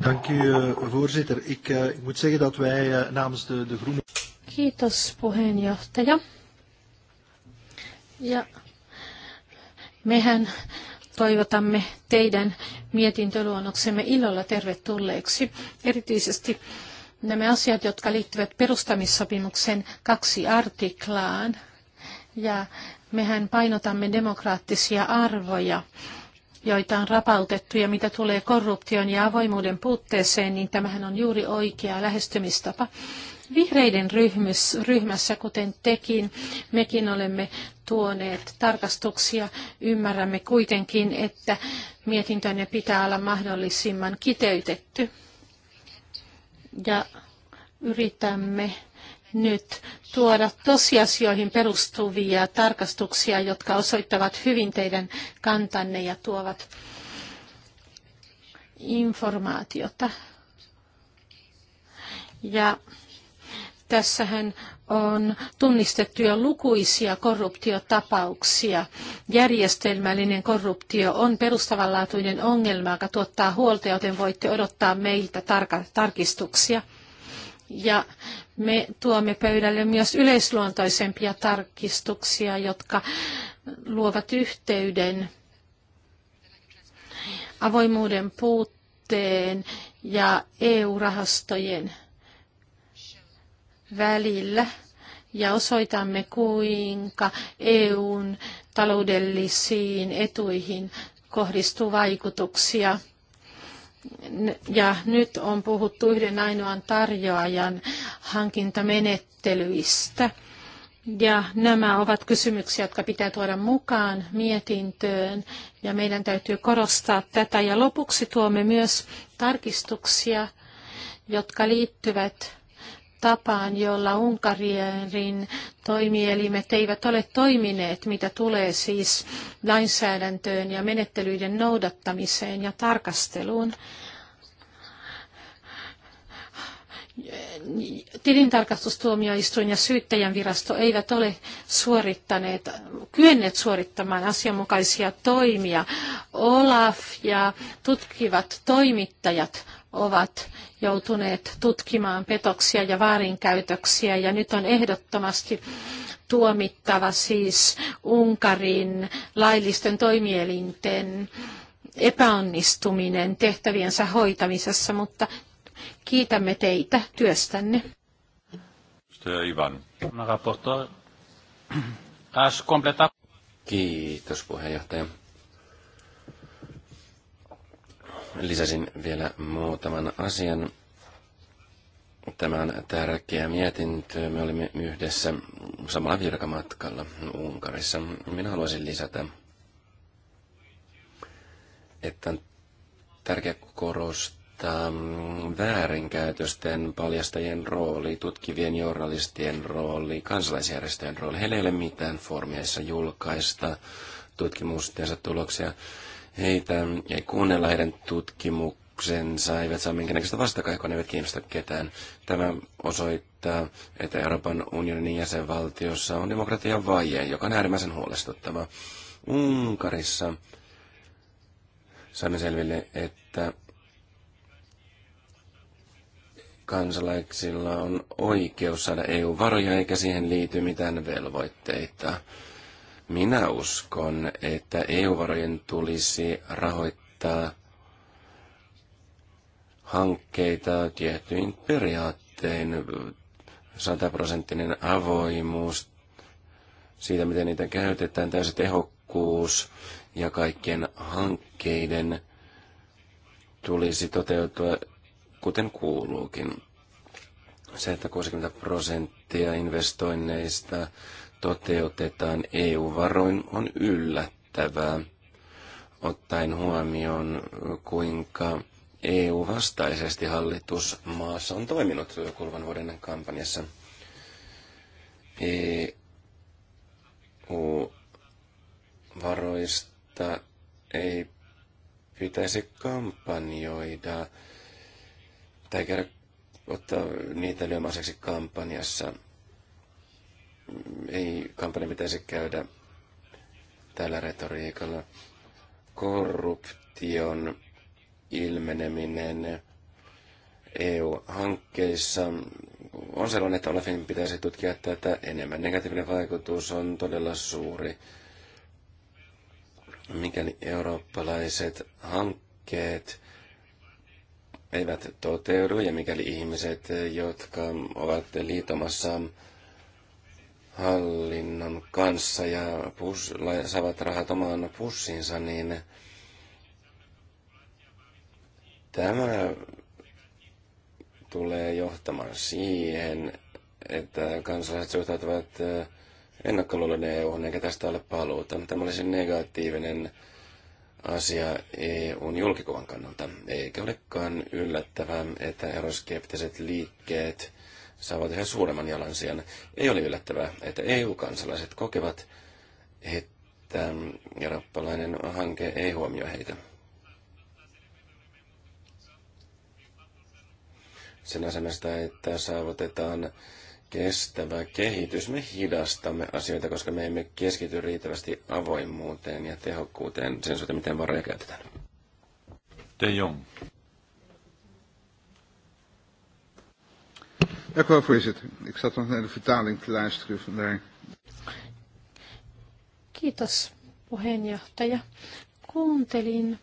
Dank u, eh, voorzitter. Ik, uh, ik moet zeggen dat wij uh, namens de, de Groenen... Ja mehän toivotamme teidän mietintöluonnoksemme ilolla tervetulleeksi. Erityisesti nämä asiat, jotka liittyvät perustamissopimuksen kaksi artiklaan. Ja mehän painotamme demokraattisia arvoja joita on rapautettu ja mitä tulee korruption ja avoimuuden puutteeseen, niin tämähän on juuri oikea lähestymistapa. Vihreiden ryhmässä, kuten tekin, mekin olemme tuoneet tarkastuksia. Ymmärrämme kuitenkin, että mietintönne pitää olla mahdollisimman kiteytetty. Ja yritämme nyt tuoda tosiasioihin perustuvia tarkastuksia, jotka osoittavat hyvin teidän kantanne ja tuovat informaatiota. Ja tässähän on tunnistettu jo lukuisia korruptiotapauksia. Järjestelmällinen korruptio on perustavanlaatuinen ongelma, joka tuottaa huolta, joten voitte odottaa meiltä tarkistuksia. Ja me tuomme pöydälle myös yleisluontoisempia tarkistuksia, jotka luovat yhteyden avoimuuden puutteen ja EU-rahastojen välillä ja osoitamme, kuinka EUn taloudellisiin etuihin kohdistuu vaikutuksia ja nyt on puhuttu yhden ainoan tarjoajan hankintamenettelyistä. Ja nämä ovat kysymyksiä, jotka pitää tuoda mukaan mietintöön ja meidän täytyy korostaa tätä. Ja lopuksi tuomme myös tarkistuksia, jotka liittyvät tapaan, jolla Unkarin toimielimet eivät ole toimineet, mitä tulee siis lainsäädäntöön ja menettelyiden noudattamiseen ja tarkasteluun. tilintarkastustuomioistuin ja syyttäjän virasto eivät ole suorittaneet, kyenneet suorittamaan asianmukaisia toimia. Olaf ja tutkivat toimittajat ovat joutuneet tutkimaan petoksia ja väärinkäytöksiä ja nyt on ehdottomasti tuomittava siis Unkarin laillisten toimielinten epäonnistuminen tehtäviensä hoitamisessa, mutta kiitämme teitä työstänne. Ivan. Kiitos puheenjohtaja. Lisäsin vielä muutaman asian. tämän tärkeä mietintö. Me olimme yhdessä samalla virkamatkalla Unkarissa. Minä haluaisin lisätä, että on tärkeä korostaa väärinkäytösten paljastajien rooli, tutkivien journalistien rooli, kansalaisjärjestöjen rooli. Heillä ei ole mitään formia, julkaista tutkimustensa tuloksia. Heitä ei kuunnella heidän tutkimuksensa, eivät saa minkäännäköistä vastakaikoa, ne eivät kiinnosta ketään. Tämä osoittaa, että Euroopan unionin jäsenvaltiossa on demokratian vaje, joka on äärimmäisen huolestuttava. Unkarissa saimme selville, että kansalaisilla on oikeus saada EU-varoja eikä siihen liity mitään velvoitteita. Minä uskon, että EU-varojen tulisi rahoittaa hankkeita tiettyin periaattein, sataprosenttinen avoimuus siitä, miten niitä käytetään, täysi tehokkuus ja kaikkien hankkeiden tulisi toteutua kuten kuuluukin. Se, että 60 prosenttia investoinneista toteutetaan EU-varoin, on yllättävää, ottaen huomioon, kuinka EU-vastaisesti hallitus maassa on toiminut kuluvan vuoden kampanjassa. EU-varoista ei pitäisi kampanjoida tai käydä ottaa niitä lyömäiseksi kampanjassa – ei kampanja pitäisi käydä tällä retoriikalla. Korruption ilmeneminen EU-hankkeissa on sellainen, että Olafin pitäisi tutkia tätä enemmän. Negatiivinen vaikutus on todella suuri. Mikäli eurooppalaiset hankkeet eivät toteudu ja mikäli ihmiset, jotka ovat liitomassa hallinnon kanssa ja pus, saavat rahat omaan pussinsa, niin tämä tulee johtamaan siihen, että kansalaiset suhtautuvat ennakkoluuloinen EU, eikä tästä ole paluuta. Tämä olisi negatiivinen asia EUn julkikuvan kannalta. Eikä olekaan yllättävää, että euroskeptiset liikkeet – saavat yhä suuremman jalansijan. Ei ole yllättävää, että EU-kansalaiset kokevat, että eurooppalainen hanke ei huomioi heitä. Sen asemesta, että saavutetaan kestävä kehitys, me hidastamme asioita, koska me emme keskity riittävästi avoimuuteen ja tehokkuuteen sen suhteen, miten varoja käytetään. De Jong. Dank u wel, voorzitter. Ik zat nog naar de vertaling te luisteren vandaar. Kiitos, puheenjohtaja. Kuuntelin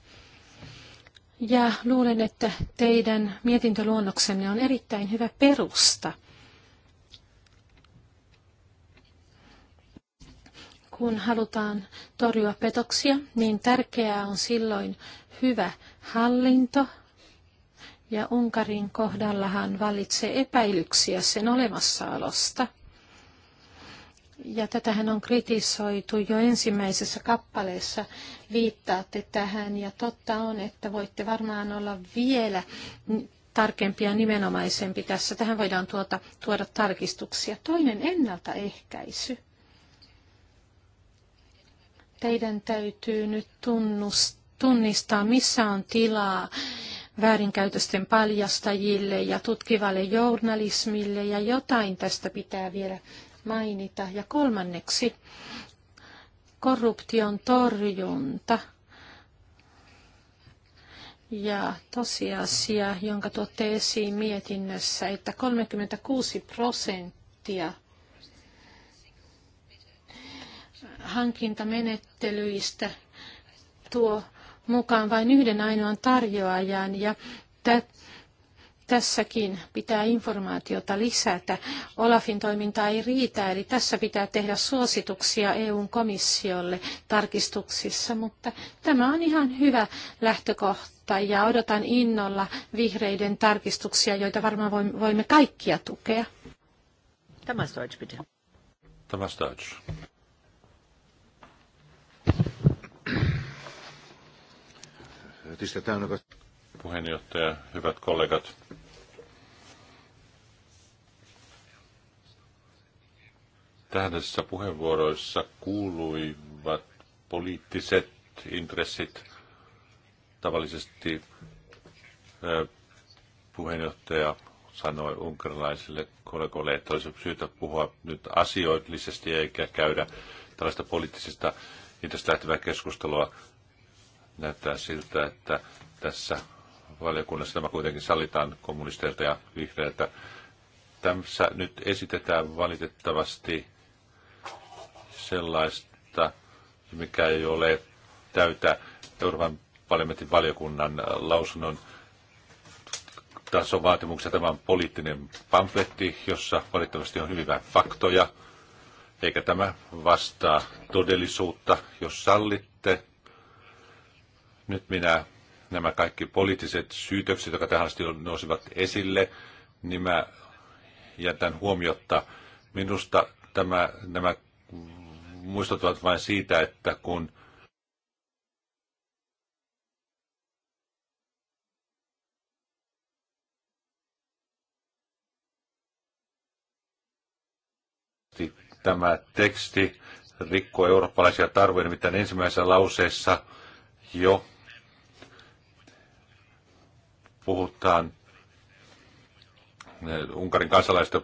ja luulen, että teidän mietintöluonnoksenne on erittäin hyvä perusta. Kun halutaan torjua petoksia, niin tärkeää on silloin hyvä hallinto ja Unkarin kohdallahan vallitsee epäilyksiä sen olemassaolosta. Ja tätähän on kritisoitu jo ensimmäisessä kappaleessa. Viittaatte tähän ja totta on, että voitte varmaan olla vielä tarkempi ja nimenomaisempi tässä. Tähän voidaan tuota, tuoda tarkistuksia. Toinen ennaltaehkäisy. Teidän täytyy nyt tunnustaa tunnistaa, missä on tilaa väärinkäytösten paljastajille ja tutkivalle journalismille ja jotain tästä pitää vielä mainita. Ja kolmanneksi korruption torjunta ja tosiasia, jonka tuotte esiin mietinnössä, että 36 prosenttia hankintamenettelyistä tuo mukaan vain yhden ainoan tarjoajan ja tässäkin pitää informaatiota lisätä. Olafin toiminta ei riitä, eli tässä pitää tehdä suosituksia EUn komissiolle tarkistuksissa, mutta tämä on ihan hyvä lähtökohta ja odotan innolla vihreiden tarkistuksia, joita varmaan voimme kaikkia tukea. Tämä Deutsch, bitte. Tämä Deutsch. Puheenjohtaja, hyvät kollegat. Tähdessä puheenvuoroissa kuuluivat poliittiset intressit, tavallisesti puheenjohtaja sanoi unkarilaisille kollegoille, että olisi syytä puhua nyt asioillisesti eikä käydä tällaista poliittisesta intressistä lähtevää keskustelua. Näyttää siltä, että tässä valiokunnassa tämä kuitenkin sallitaan kommunisteilta ja vihreiltä. Tässä nyt esitetään valitettavasti sellaista, mikä ei ole täytä Euroopan parlamentin valiokunnan lausunnon tasovaatimuksia. Tämä on poliittinen pamfletti, jossa valitettavasti on hyvin vähän faktoja, eikä tämä vastaa todellisuutta. Jos sallit, nyt minä nämä kaikki poliittiset syytökset, jotka tähän asti nousivat esille, niin mä jätän huomiota. Minusta tämä, nämä muistuttavat vain siitä, että kun tämä teksti rikkoo eurooppalaisia tarvoja, nimittäin ensimmäisessä lauseessa jo puhutaan Unkarin kansalaista,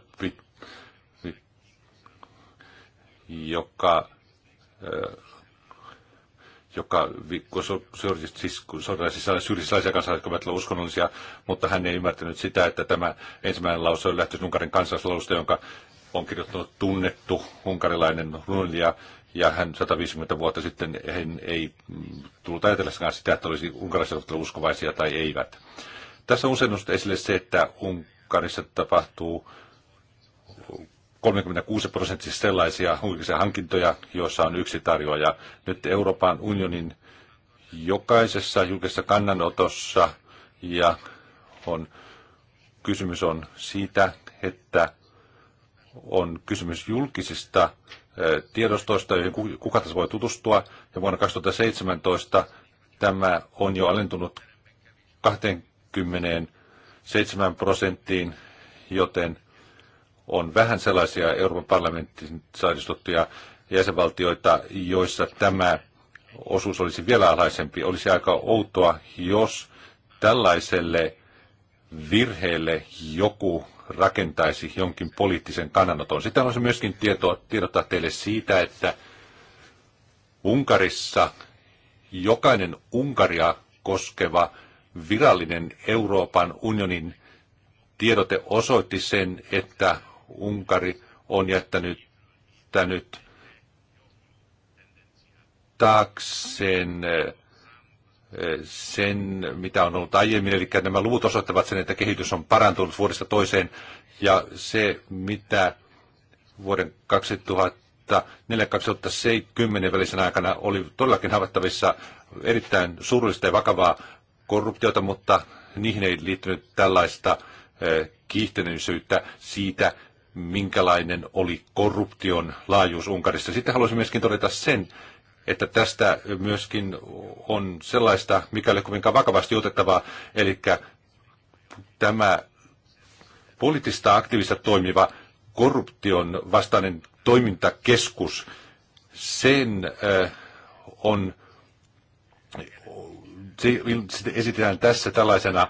joka äh, joka siis kun syrji, siis, kansalaisia, jotka ovat uskonnollisia, mutta hän ei ymmärtänyt sitä, että tämä ensimmäinen lause on lähtöisin Unkarin kansalaislaulusta, jonka on kirjoittanut tunnettu unkarilainen runoilija, ja hän 150 vuotta sitten hän ei tullut ajatellakaan sitä, että olisi unkarilaiset uskovaisia tai eivät. Tässä on usein nostettu esille se, että Unkarissa tapahtuu 36 prosenttia sellaisia julkisia hankintoja, joissa on yksi tarjoaja. Nyt Euroopan unionin jokaisessa julkisessa kannanotossa ja on, kysymys on siitä, että on kysymys julkisista tiedostoista, joihin kuka tässä voi tutustua. Ja vuonna 2017 tämä on jo alentunut 20 27 prosenttiin, joten on vähän sellaisia Euroopan parlamentin saadistuttuja jäsenvaltioita, joissa tämä osuus olisi vielä alhaisempi. Olisi aika outoa, jos tällaiselle virheelle joku rakentaisi jonkin poliittisen kannanoton. Sitten se myöskin tietoa, tiedottaa teille siitä, että Unkarissa jokainen Unkaria koskeva virallinen Euroopan unionin tiedote osoitti sen, että Unkari on jättänyt tänyt taakseen eh, sen, mitä on ollut aiemmin. Eli nämä luvut osoittavat sen, että kehitys on parantunut vuodesta toiseen. Ja se, mitä vuoden 2004-2010 välisen aikana oli todellakin havaittavissa erittäin surullista ja vakavaa, korruptiota, mutta niihin ei liittynyt tällaista eh, kiihtyneisyyttä siitä, minkälainen oli korruption laajuus Unkarissa. Sitten haluaisin myöskin todeta sen, että tästä myöskin on sellaista, mikä oli kovinkaan vakavasti otettavaa, eli tämä poliittista aktiivista toimiva korruption vastainen toimintakeskus, sen eh, on se esitetään tässä tällaisena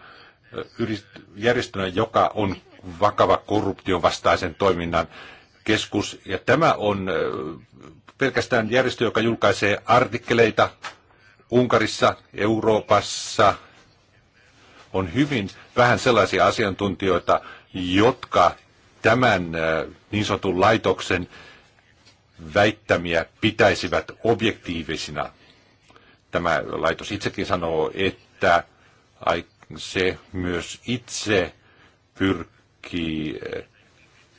järjestönä, joka on vakava korruption vastaisen toiminnan keskus. Ja tämä on pelkästään järjestö, joka julkaisee artikkeleita Unkarissa, Euroopassa. On hyvin vähän sellaisia asiantuntijoita, jotka tämän niin sanotun laitoksen väittämiä pitäisivät objektiivisina. Tämä laitos itsekin sanoo, että se myös itse pyrkii eh,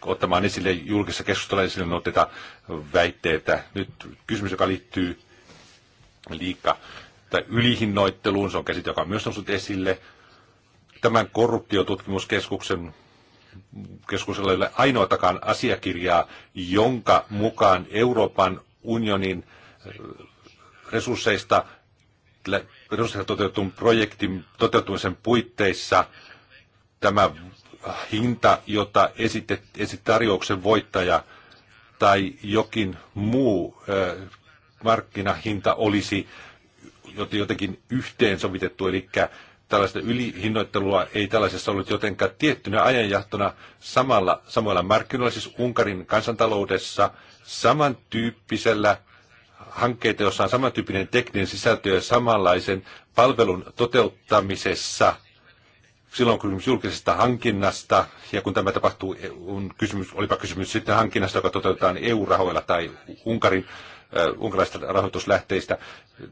ottamaan esille julkisessa keskustelussa esille noita väitteitä. Nyt kysymys, joka liittyy liikka tai ylihinnoitteluun, se on käsite, joka on myös noussut esille. Tämän korruptiotutkimuskeskuksen keskuksella ei ole ainoatakaan asiakirjaa, jonka mukaan Euroopan unionin resursseista perustuslaissa toteutun projektin toteutumisen puitteissa tämä hinta, jota esitet, esit tarjouksen voittaja tai jokin muu ö, markkinahinta olisi jotenkin yhteensovitettu, eli tällaista ylihinnoittelua ei tällaisessa ollut, jotenka tiettynä ajanjahtona samalla, samoilla markkinoilla, siis Unkarin kansantaloudessa, samantyyppisellä hankkeita, joissa on samantyyppinen tekninen sisältö ja samanlaisen palvelun toteuttamisessa silloin kun kysymys julkisesta hankinnasta, ja kun tämä tapahtuu, on kysymys, olipa kysymys sitten hankinnasta, joka toteutetaan EU-rahoilla tai Unkarin, äh, unkarilaisista rahoituslähteistä,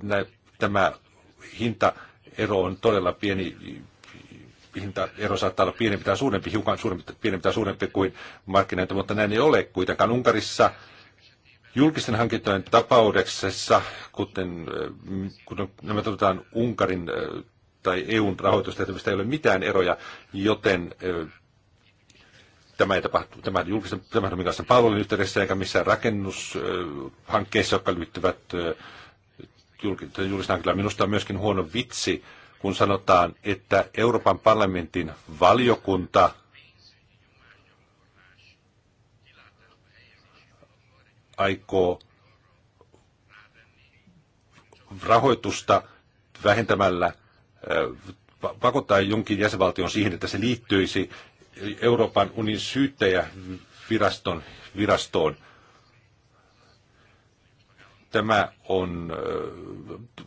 nä, tämä hintaero on todella pieni, hintaero saattaa olla pienempi tai suurempi, hiukan suurempi, pienempi tai suurempi kuin markkinointi, mutta näin ei ole kuitenkaan Unkarissa. Julkisten hankintojen tapauksessa, kuten äh, kun nämä tuotetaan Unkarin äh, tai EUn rahoitustehtävistä, ei ole mitään eroja, joten äh, tämä ei tapahtu on julkisen on kanssa palvelun yhteydessä eikä missään rakennushankkeissa, jotka liittyvät julkisen hankintaan. Minusta on myöskin huono vitsi, kun sanotaan, että Euroopan parlamentin valiokunta aikoo rahoitusta vähentämällä pakottaa jonkin jäsenvaltion siihen, että se liittyisi Euroopan unionin syyttäjäviraston virastoon. Tämä on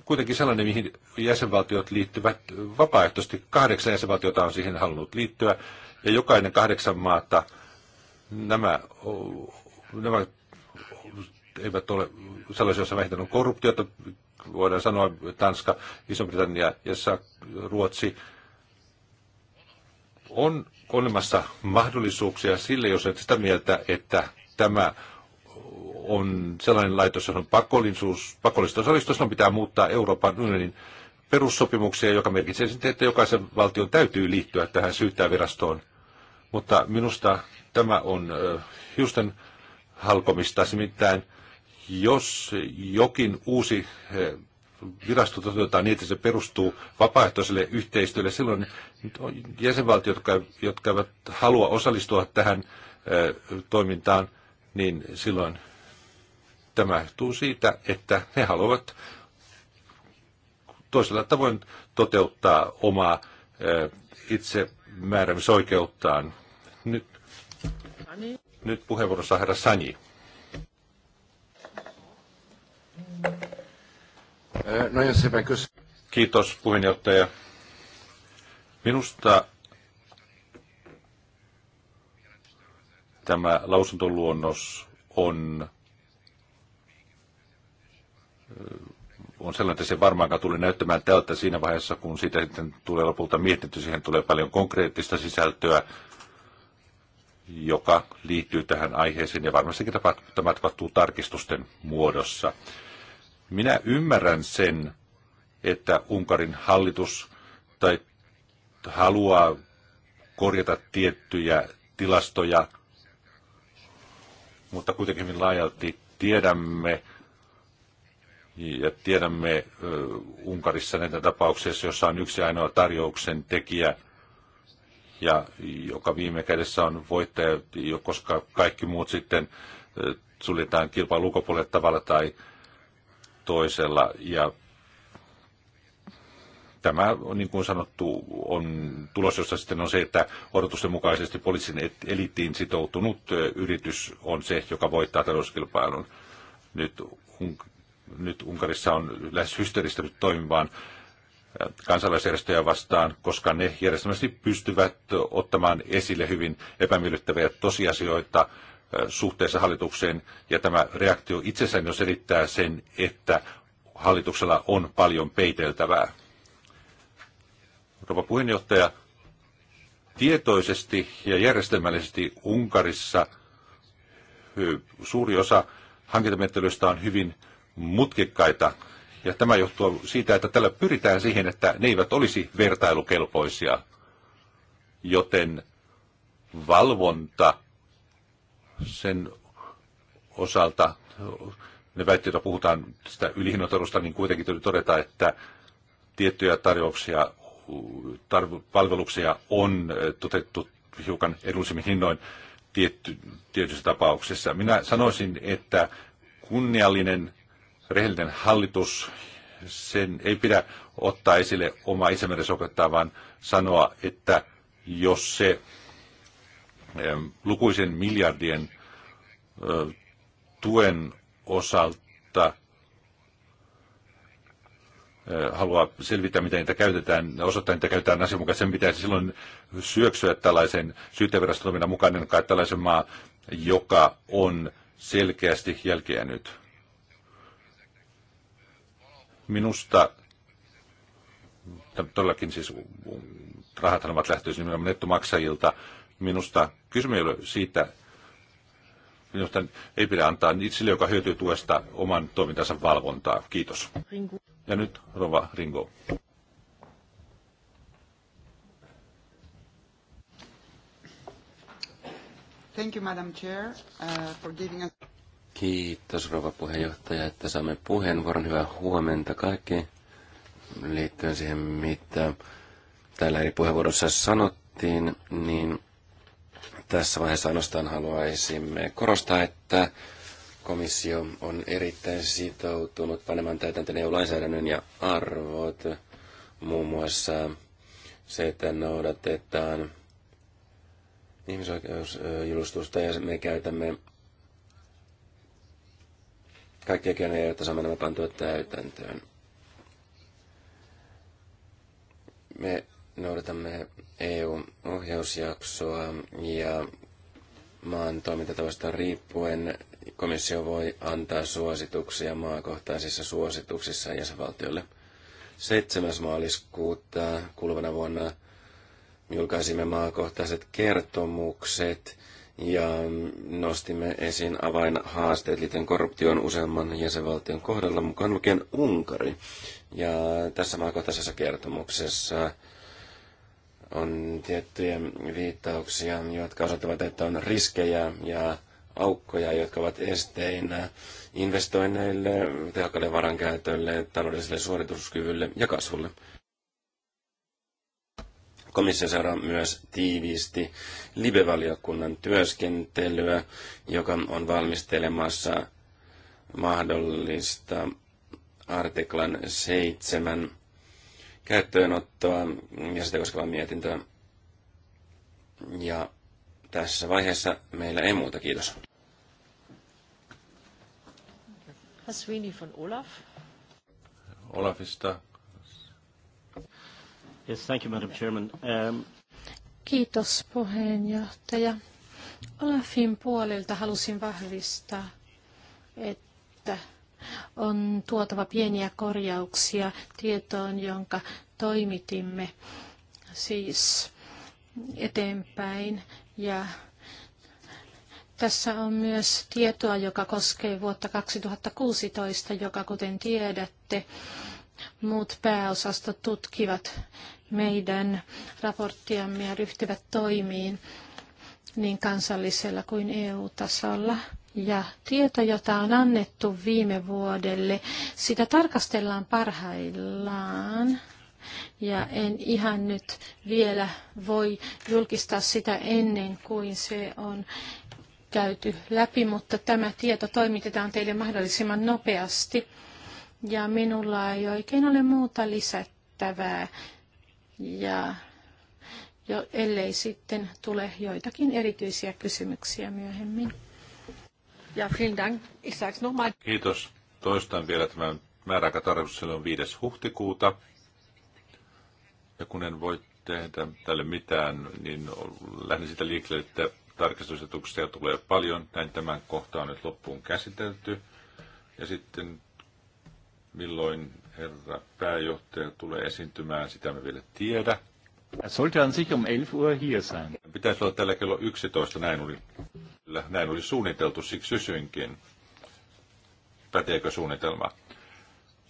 kuitenkin sellainen, mihin jäsenvaltiot liittyvät vapaaehtoisesti. Kahdeksan jäsenvaltiota on siihen halunnut liittyä, ja jokainen kahdeksan maata nämä, nämä eivät ole sellaisia, joissa vähintään on korruptiota, voidaan sanoa Tanska, Iso-Britannia ja Ruotsi, on olemassa mahdollisuuksia sille, jos olet sitä mieltä, että tämä on sellainen laitos, johon on pakollisuus, pakollista osallistua, on pitää muuttaa Euroopan unionin perussopimuksia, joka merkitsee sitten, että jokaisen valtion täytyy liittyä tähän syyttäjävirastoon. Mutta minusta tämä on hiusten halkomista, nimittäin jos jokin uusi eh, virasto toteutetaan niin, että se perustuu vapaaehtoiselle yhteistyölle, silloin jäsenvaltiot, jotka, jotka eivät halua osallistua tähän eh, toimintaan, niin silloin tämä johtuu siitä, että he haluavat toisella tavoin toteuttaa omaa eh, itsemääräämisoikeuttaan. Nyt, nyt puheenvuorossa herra Sani. No ja niin, Kiitos puheenjohtaja. Minusta tämä lausuntoluonnos on, on sellainen, että se varmaankaan tuli näyttämään tältä siinä vaiheessa, kun siitä sitten tulee lopulta mietitty, siihen tulee paljon konkreettista sisältöä, joka liittyy tähän aiheeseen ja varmastikin tämä tapahtuu tarkistusten muodossa. Minä ymmärrän sen, että Unkarin hallitus tai haluaa korjata tiettyjä tilastoja, mutta kuitenkin hyvin laajalti tiedämme ja tiedämme Unkarissa näitä tapauksia, jossa on yksi ainoa tarjouksen tekijä – ja joka viime kädessä on voittaja, koska kaikki muut sitten suljetaan kilpailun ulkopuolelle tavalla tai toisella. Ja tämä, niin kuin sanottu, on tulos, jossa sitten on se, että odotusten mukaisesti poliisin eliittiin sitoutunut yritys on se, joka voittaa talouskilpailun. Nyt, nyt Unkarissa on lähes hysteeristä toimivaan kansalaisjärjestöjä vastaan, koska ne järjestelmästi pystyvät ottamaan esille hyvin epämiellyttäviä tosiasioita suhteessa hallitukseen, ja tämä reaktio itsessään jo selittää sen, että hallituksella on paljon peiteltävää. Rouva puheenjohtaja, tietoisesti ja järjestelmällisesti Unkarissa suuri osa hankintamenettelystä on hyvin mutkikkaita ja tämä johtuu siitä, että tällä pyritään siihen, että ne eivät olisi vertailukelpoisia, joten valvonta sen osalta, ne väitteet, joita puhutaan sitä ylihinnoittelusta, niin kuitenkin tuli todeta, että tiettyjä tarjouksia, tarv- palveluksia on äh, toteutettu hiukan edullisemmin hinnoin tietty, tietyissä tapauksissa. Minä sanoisin, että kunniallinen rehellinen hallitus, sen ei pidä ottaa esille omaa itsemääräämisopettaa, vaan sanoa, että jos se lukuisen miljardien tuen osalta haluaa selvittää, miten niitä käytetään, osoittaa, niitä käytetään asianmukaisesti, sen pitäisi silloin syöksyä tällaisen syyteverastotoiminnan mukainen kai tällaisen maa, joka on selkeästi nyt. Minusta todellakin siis mm, rahathan ovat lähtöisin nimenomaan nettomaksajilta. Minusta kysymys ei ole siitä, minusta ei pidä antaa sille, joka hyötyy tuesta oman toimintansa valvontaa. Kiitos. Ringo. Ja nyt Rova Ringo. Thank you, Madam Chair, uh, for giving us... Kiitos rouva puheenjohtaja, että saamme puheenvuoron. Hyvää huomenta kaikki liittyen siihen, mitä täällä eri puheenvuorossa sanottiin, niin tässä vaiheessa ainoastaan haluaisimme korostaa, että komissio on erittäin sitoutunut panemaan täytäntöön EU-lainsäädännön ja arvot, muun muassa se, että noudatetaan ihmisoikeusjulistusta ja me käytämme kaikkia keinoja, joita saamme nämä pantua täytäntöön. Me noudatamme EU-ohjausjaksoa ja maan toimintatavasta riippuen komissio voi antaa suosituksia maakohtaisissa suosituksissa jäsenvaltiolle. 7. maaliskuuta kuluvana vuonna julkaisimme maakohtaiset kertomukset – ja nostimme esiin avainhaasteet liittyen korruptioon useamman jäsenvaltion kohdalla, mukaan lukien Unkari. Ja tässä maakohtaisessa kertomuksessa on tiettyjä viittauksia, jotka osoittavat, että on riskejä ja aukkoja, jotka ovat esteinä investoinneille, tehokkaille varankäytölle, taloudelliselle suorituskyvylle ja kasvulle. Komissio seuraa myös tiiviisti libevaliokunnan työskentelyä, joka on valmistelemassa mahdollista artiklan 7 käyttöönottoa ja sitä koskevaa mietintöä. Ja tässä vaiheessa meillä ei muuta. Kiitos. von Olaf. Olafista Yes, thank you, Madam Chairman. Um... Kiitos puheenjohtaja. Olafin puolelta halusin vahvistaa, että on tuotava pieniä korjauksia tietoon, jonka toimitimme siis eteenpäin. Ja tässä on myös tietoa, joka koskee vuotta 2016, joka kuten tiedätte, muut pääosastot tutkivat meidän raporttiamme ja ryhtyvät toimiin niin kansallisella kuin EU-tasolla. Ja tieto, jota on annettu viime vuodelle, sitä tarkastellaan parhaillaan. Ja en ihan nyt vielä voi julkistaa sitä ennen kuin se on käyty läpi, mutta tämä tieto toimitetaan teille mahdollisimman nopeasti ja minulla ei oikein ole muuta lisättävää. Ja jo, ellei sitten tule joitakin erityisiä kysymyksiä myöhemmin. Ja vielen dank. Ich noch mal. Kiitos. Toistan vielä tämän määräaikatarkoitus on 5. huhtikuuta. Ja kun en voi tehdä tälle mitään, niin lähden sitä liikkeelle, että tarkistusetuksia tulee paljon. Näin tämän kohta on nyt loppuun käsitelty. Ja sitten Milloin herra pääjohtaja tulee esiintymään, sitä me vielä tiedä. Er sollte an sich um 11 Uhr hier sein. Pitäisi olla tällä kello 11, näin oli, näin oli suunniteltu, siksi kysyinkin. Päteekö suunnitelma?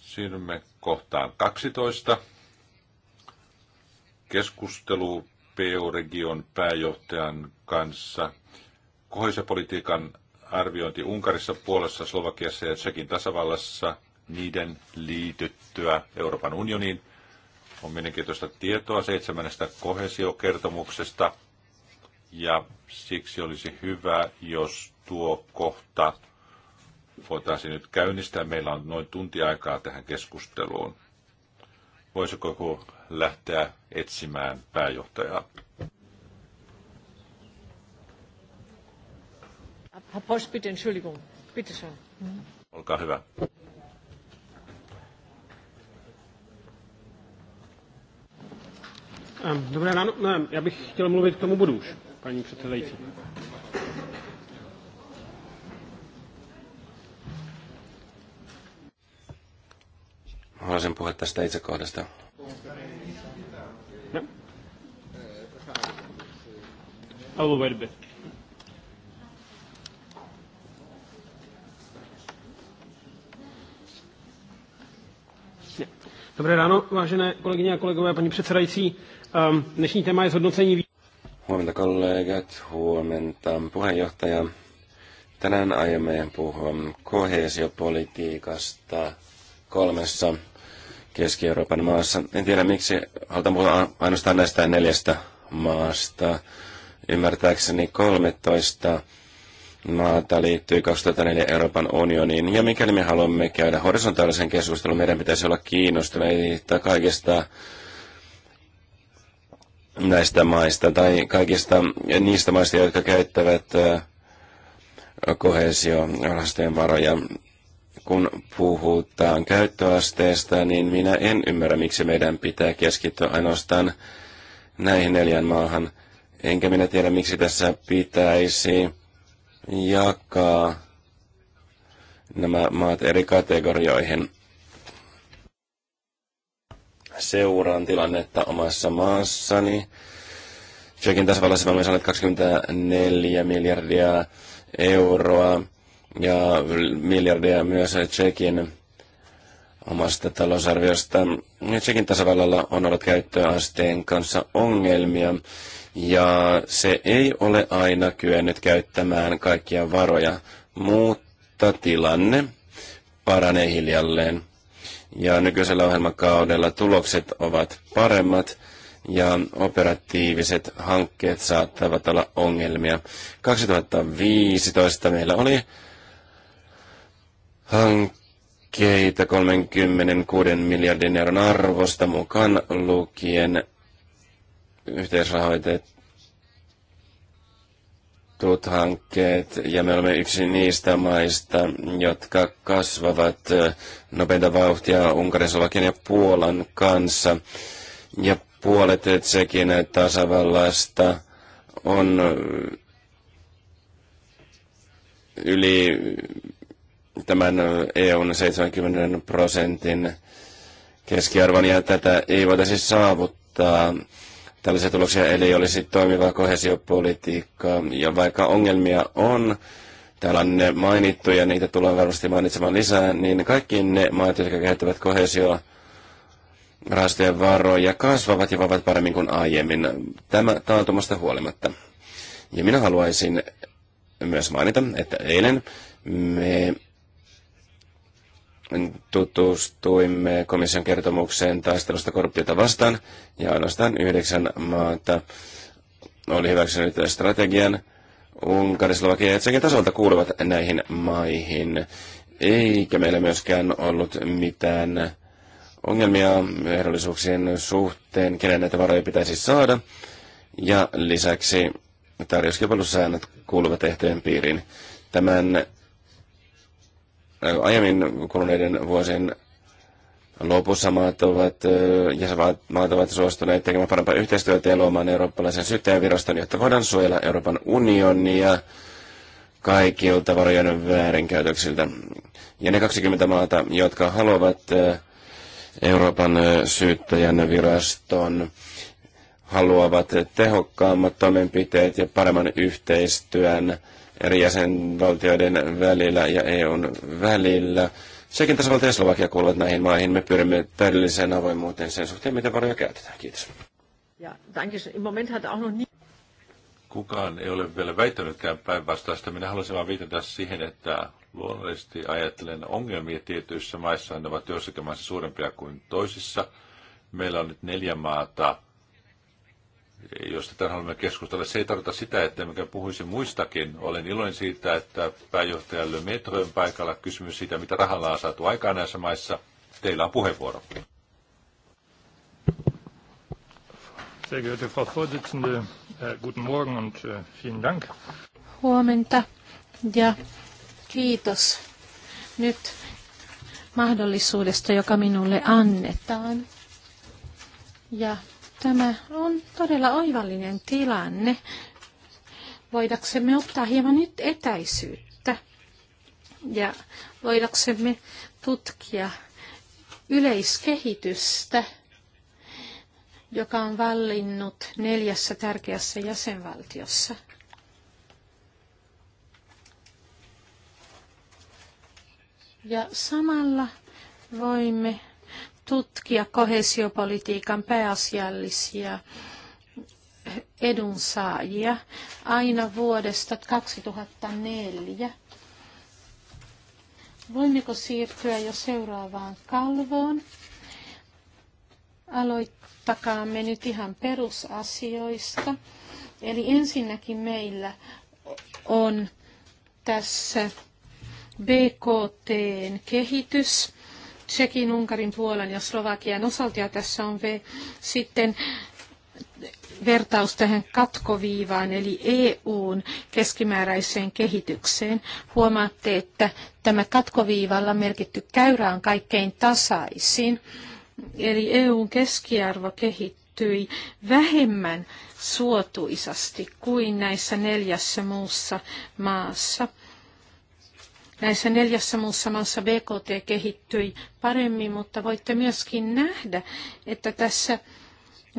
Siirrymme kohtaan 12. Keskustelu PO-region pääjohtajan kanssa. politiikan arviointi Unkarissa, Puolassa, Slovakiassa ja Tsekin tasavallassa – niiden liityttyä Euroopan unioniin. On mielenkiintoista tietoa seitsemännestä kohesiokertomuksesta, ja siksi olisi hyvä, jos tuo kohta voitaisiin nyt käynnistää. Meillä on noin tunti aikaa tähän keskusteluun. Voisiko joku lähteä etsimään pääjohtajaa? bitte, Entschuldigung. Bitte Olkaa hyvä. Ehm, dobré ráno. Ne, ehm, já bych chtěl mluvit k tomu bodu už, paní předsedající. Haluaisin puhua tästä itse kohdasta. No. I will no. Dobré ráno, vážené kolegyně a kolegové, paní předsedající. Um, dnešní téma je zhodnocení... Huomenta kollegat, huomenta puheenjohtaja. Tänään aiomme puhua kohesiopolitiikasta kolmessa Keski-Euroopan maassa. En tiedä miksi halutaan puhua ainoastaan näistä neljästä maasta. Ymmärtääkseni 13 maata liittyy 2004 Euroopan unioniin. Ja mikäli me haluamme käydä horisontaalisen keskustelun, meidän pitäisi olla kiinnostuneita kaikista näistä maista tai kaikista niistä maista, jotka käyttävät kohesiorahastojen varoja. Kun puhutaan käyttöasteesta, niin minä en ymmärrä, miksi meidän pitää keskittyä ainoastaan näihin neljän maahan. Enkä minä tiedä, miksi tässä pitäisi jakaa nämä maat eri kategorioihin. Seuraan tilannetta omassa maassani. Tsekin tasavallassa me olemme saaneet 24 miljardia euroa ja miljardia myös Tsekin omasta talousarviosta. Tsekin tasavallalla on ollut käyttöasteen kanssa ongelmia ja se ei ole aina kyennyt käyttämään kaikkia varoja, mutta tilanne paranee hiljalleen ja nykyisellä ohjelmakaudella tulokset ovat paremmat ja operatiiviset hankkeet saattavat olla ongelmia. 2015 meillä oli hankkeita 36 miljardin euron arvosta mukaan lukien yhteisrahoitet tunnetut hankkeet, ja me olemme yksi niistä maista, jotka kasvavat nopeinta vauhtia Unkarin, Slovakian ja Puolan kanssa. Ja puolet sekin tasavallasta on yli tämän EUn 70 prosentin keskiarvon, ja tätä ei voitaisiin saavuttaa tällaisia tuloksia, eli olisi toimivaa kohesiopolitiikkaa. Ja vaikka ongelmia on, täällä on ne mainittu ja niitä tullaan varmasti mainitsemaan lisää, niin kaikki ne maat, jotka käyttävät kohesioa, rahastojen varoja kasvavat ja vavat paremmin kuin aiemmin. Tämä taantumasta huolimatta. Ja minä haluaisin myös mainita, että eilen me tutustuimme komission kertomukseen taistelusta korruptiota vastaan, ja ainoastaan yhdeksän maata oli hyväksynyt strategian. Unkari, Slovakia ja Tsekin tasolta kuuluvat näihin maihin. Eikä meillä myöskään ollut mitään ongelmia ehdollisuuksien suhteen, kenen näitä varoja pitäisi saada. Ja lisäksi tarjouskilpailussäännöt kuuluvat ehtojen piiriin. Tämän Aiemmin kuluneiden vuosien lopussa maat ovat, jäsenmaat ovat suostuneet tekemään parempaa yhteistyötä ja luomaan eurooppalaisen syyttäjäviraston, jotta voidaan suojella Euroopan unionia kaikilta varojen väärinkäytöksiltä. Ja ne 20 maata, jotka haluavat Euroopan syyttäjän viraston, haluavat tehokkaammat toimenpiteet ja paremman yhteistyön eri jäsenvaltioiden välillä ja EUn välillä. Sekin tasavalta ja Slovakia kuuluvat näihin maihin. Me pyrimme täydelliseen avoimuuteen sen suhteen, miten varoja käytetään. Kiitos. Kukaan ei ole vielä väittänytkään päinvastaista. Minä haluaisin vain viitata siihen, että luonnollisesti ajattelen ongelmia tietyissä maissa. Ne ovat joissakin maissa suurempia kuin toisissa. Meillä on nyt neljä maata, josta tämän haluamme keskustella. Se ei tarkoita sitä, että mikä puhuisi muistakin. Olen iloinen siitä, että pääjohtaja Le Metro on paikalla. Kysymys siitä, mitä rahalla on saatu aikaan näissä maissa. Teillä on puheenvuoro. Sehr geehrte Frau Vorsitzende, äh, guten Morgen und äh, vielen Dank. Huomenta ja kiitos nyt mahdollisuudesta, joka minulle annetaan. Ja Tämä on todella oivallinen tilanne. Voidaksemme ottaa hieman nyt etäisyyttä ja voidaksemme tutkia yleiskehitystä, joka on vallinnut neljässä tärkeässä jäsenvaltiossa. Ja samalla voimme tutkia kohesiopolitiikan pääasiallisia edunsaajia aina vuodesta 2004. Voimmeko siirtyä jo seuraavaan kalvoon? Aloittakaamme nyt ihan perusasioista. Eli ensinnäkin meillä on tässä BKTn kehitys Tsekin, Unkarin, Puolan ja Slovakian osalta. Ja tässä on ve, sitten vertaus tähän katkoviivaan eli EUn keskimääräiseen kehitykseen. Huomaatte, että tämä katkoviivalla merkitty käyrä on kaikkein tasaisin. Eli EUn keskiarvo kehittyi vähemmän suotuisasti kuin näissä neljässä muussa maassa. Näissä neljässä muussa maassa BKT kehittyi paremmin, mutta voitte myöskin nähdä, että tässä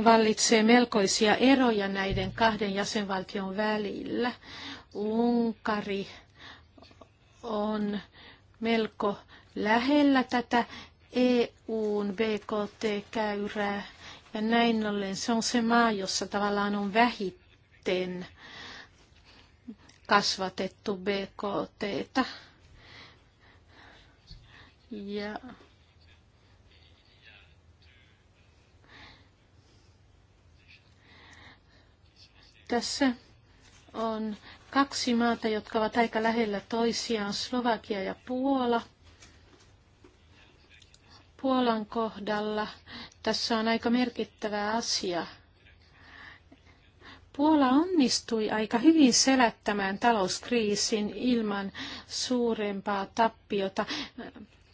vallitsee melkoisia eroja näiden kahden jäsenvaltion välillä. Unkari on melko lähellä tätä EUn BKT-käyrää ja näin ollen se on se maa, jossa tavallaan on vähiten kasvatettu BKTtä. Ja tässä on kaksi maata, jotka ovat aika lähellä toisiaan, Slovakia ja Puola. Puolan kohdalla tässä on aika merkittävä asia. Puola onnistui aika hyvin selättämään talouskriisin ilman suurempaa tappiota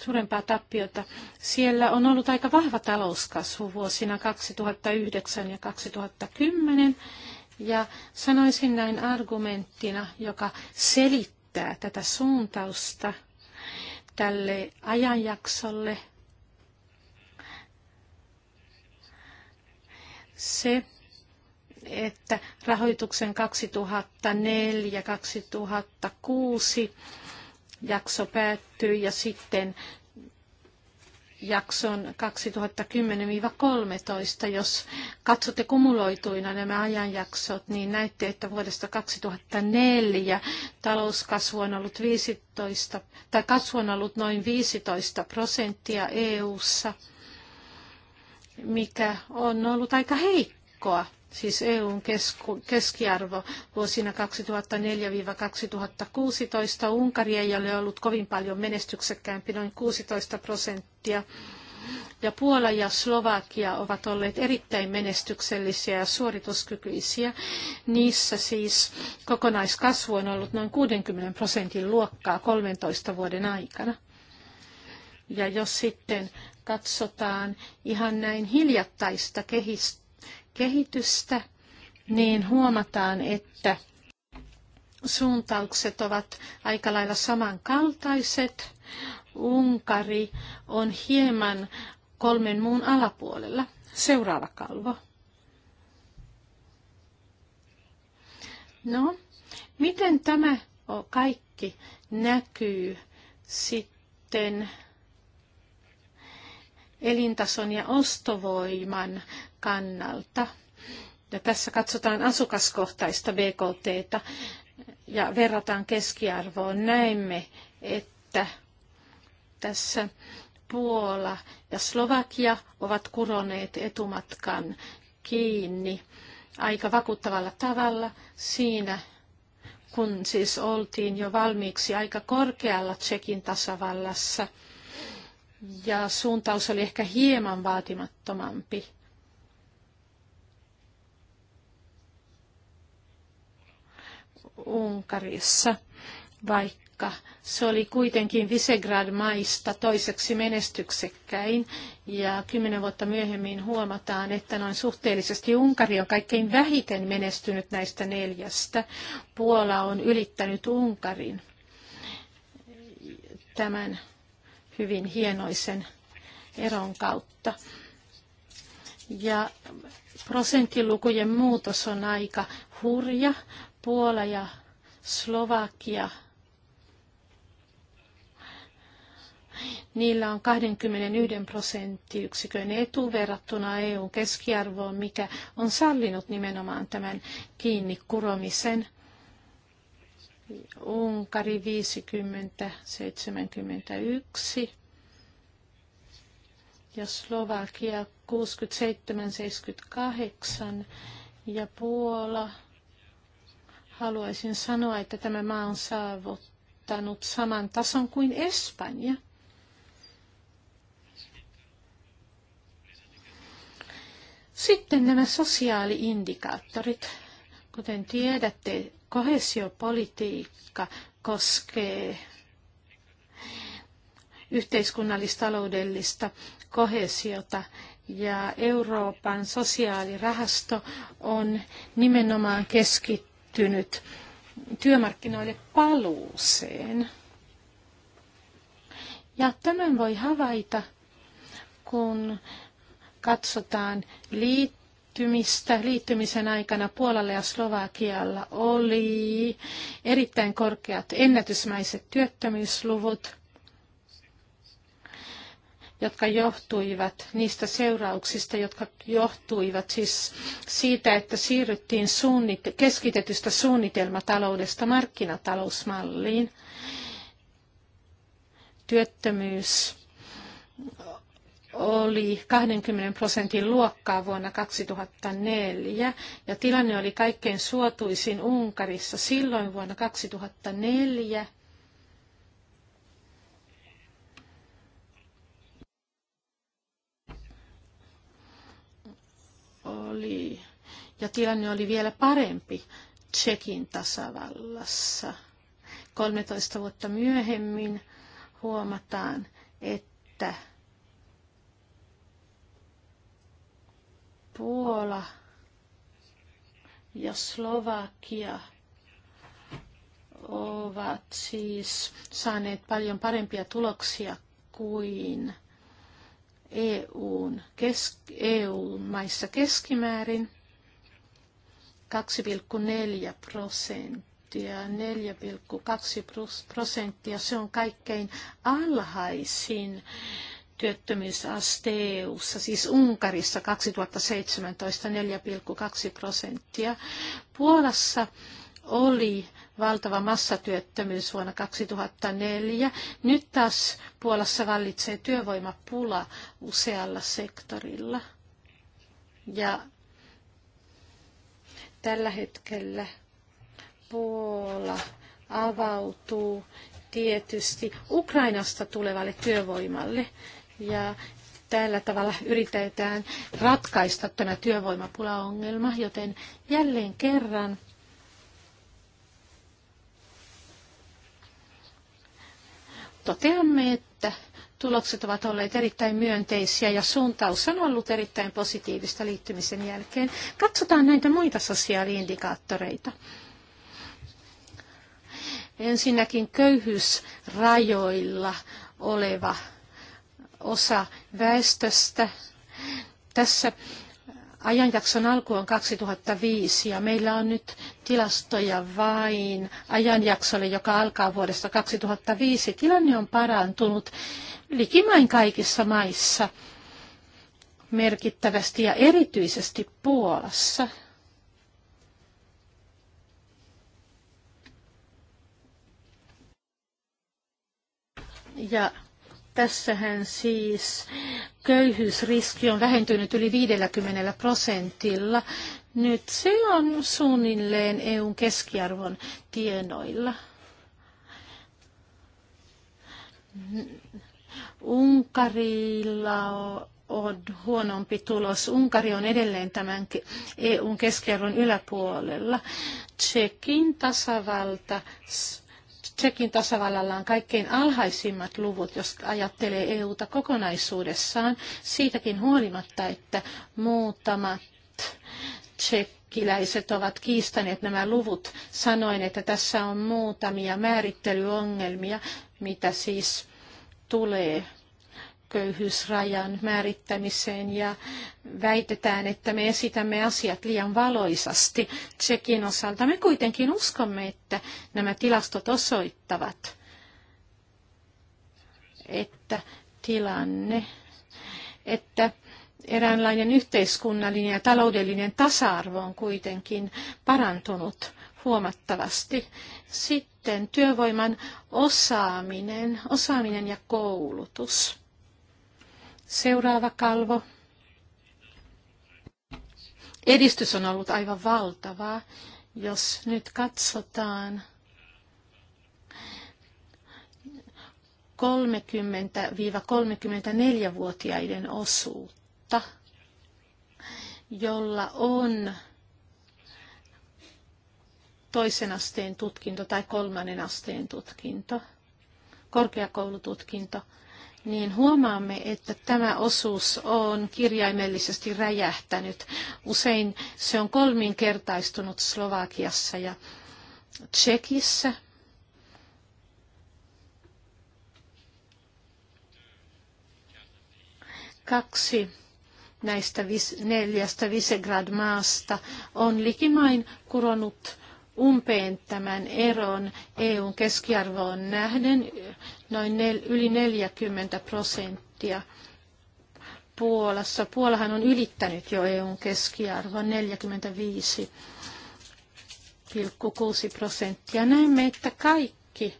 suurempaa tappiota. Siellä on ollut aika vahva talouskasvu vuosina 2009 ja 2010. Ja sanoisin näin argumenttina, joka selittää tätä suuntausta tälle ajanjaksolle. Se, että rahoituksen 2004-2006 jakso päättyy ja sitten jakson 2010-13. Jos katsotte kumuloituina nämä ajanjaksot, niin näette, että vuodesta 2004 talouskasvu on ollut, 15, tai kasvu on ollut noin 15 prosenttia EU:ssa, mikä on ollut aika heikkoa siis EUn kesku, keskiarvo vuosina 2004-2016. Unkari ei ole ollut kovin paljon menestyksekkäämpi, noin 16 prosenttia. Ja Puola ja Slovakia ovat olleet erittäin menestyksellisiä ja suorituskykyisiä. Niissä siis kokonaiskasvu on ollut noin 60 prosentin luokkaa 13 vuoden aikana. Ja jos sitten katsotaan ihan näin hiljattaista kehitystä, niin huomataan, että suuntaukset ovat aika lailla samankaltaiset. Unkari on hieman kolmen muun alapuolella. Seuraava kalvo. No, miten tämä kaikki näkyy sitten elintason ja ostovoiman kannalta. Ja tässä katsotaan asukaskohtaista BKT ja verrataan keskiarvoon. Näemme, että tässä Puola ja Slovakia ovat kuroneet etumatkan kiinni aika vakuuttavalla tavalla siinä, kun siis oltiin jo valmiiksi aika korkealla Tsekin tasavallassa ja suuntaus oli ehkä hieman vaatimattomampi. Unkarissa, vaikka se oli kuitenkin Visegrad-maista toiseksi menestyksekkäin. Ja kymmenen vuotta myöhemmin huomataan, että noin suhteellisesti Unkari on kaikkein vähiten menestynyt näistä neljästä. Puola on ylittänyt Unkarin tämän hyvin hienoisen eron kautta. Ja prosenttilukujen muutos on aika hurja, Puola ja Slovakia. Niillä on 21 prosenttiyksikön etu verrattuna EUn keskiarvoon, mikä on sallinut nimenomaan tämän kiinni kuromisen. Unkari 50-71 ja Slovakia 67-78 ja Puola haluaisin sanoa, että tämä maa on saavuttanut saman tason kuin Espanja. Sitten nämä sosiaaliindikaattorit. Kuten tiedätte, kohesiopolitiikka koskee yhteiskunnallistaloudellista kohesiota ja Euroopan sosiaalirahasto on nimenomaan keskittynyt liittynyt työmarkkinoille paluuseen. Ja tämän voi havaita, kun katsotaan liittymistä. Liittymisen aikana Puolalla ja Slovakialla oli erittäin korkeat ennätysmäiset työttömyysluvut jotka johtuivat niistä seurauksista, jotka johtuivat siis siitä, että siirryttiin suunnit- keskitetystä suunnitelmataloudesta markkinatalousmalliin. Työttömyys oli 20 prosentin luokkaa vuonna 2004 ja tilanne oli kaikkein suotuisin Unkarissa silloin vuonna 2004 oli ja tilanne oli vielä parempi Tsekin tasavallassa. 13 vuotta myöhemmin huomataan, että Puola ja Slovakia ovat siis saaneet paljon parempia tuloksia kuin EUn, EU-maissa e keskimäärin 2,4 prosenttia, 4,2 prosenttia. Se on kaikkein alhaisin työttömyysaste eu siis Unkarissa 2017 4,2 prosenttia. Puolassa oli valtava massatyöttömyys vuonna 2004. Nyt taas Puolassa vallitsee työvoimapula usealla sektorilla. Ja tällä hetkellä Puola avautuu tietysti Ukrainasta tulevalle työvoimalle. Ja tällä tavalla yritetään ratkaista tämä työvoimapulaongelma, joten jälleen kerran toteamme, että tulokset ovat olleet erittäin myönteisiä ja suuntaus on ollut erittäin positiivista liittymisen jälkeen. Katsotaan näitä muita sosiaaliindikaattoreita. Ensinnäkin köyhyysrajoilla oleva osa väestöstä. Tässä Ajanjakson alku on 2005 ja meillä on nyt tilastoja vain ajanjaksolle, joka alkaa vuodesta 2005. Tilanne on parantunut likimain kaikissa maissa merkittävästi ja erityisesti Puolassa. Ja Tässähän siis köyhyysriski on vähentynyt yli 50 prosentilla. Nyt se on suunnilleen EUn keskiarvon tienoilla. Unkarilla on huonompi tulos. Unkari on edelleen tämän EUn keskiarvon yläpuolella. Tsekin tasavalta Tsekin tasavallalla on kaikkein alhaisimmat luvut, jos ajattelee EUta kokonaisuudessaan, siitäkin huolimatta, että muutamat tsekkiläiset ovat kiistaneet nämä luvut. Sanoin, että tässä on muutamia määrittelyongelmia, mitä siis tulee köyhyysrajan määrittämiseen ja väitetään, että me esitämme asiat liian valoisasti Tsekin osalta. Me kuitenkin uskomme, että nämä tilastot osoittavat, että tilanne, että eräänlainen yhteiskunnallinen ja taloudellinen tasa-arvo on kuitenkin parantunut huomattavasti. Sitten työvoiman osaaminen, osaaminen ja koulutus. Seuraava kalvo. Edistys on ollut aivan valtavaa. Jos nyt katsotaan 30-34-vuotiaiden osuutta, jolla on toisen asteen tutkinto tai kolmannen asteen tutkinto, korkeakoulututkinto, niin huomaamme, että tämä osuus on kirjaimellisesti räjähtänyt. Usein se on kolminkertaistunut Slovakiassa ja Tsekissä. Kaksi näistä neljästä Visegrad-maasta on likimain kuronut umpeen tämän eron EUn keskiarvoon nähden noin nel, yli 40 prosenttia Puolassa. Puolahan on ylittänyt jo EUn keskiarvon 45,6 prosenttia. Näemme, että kaikki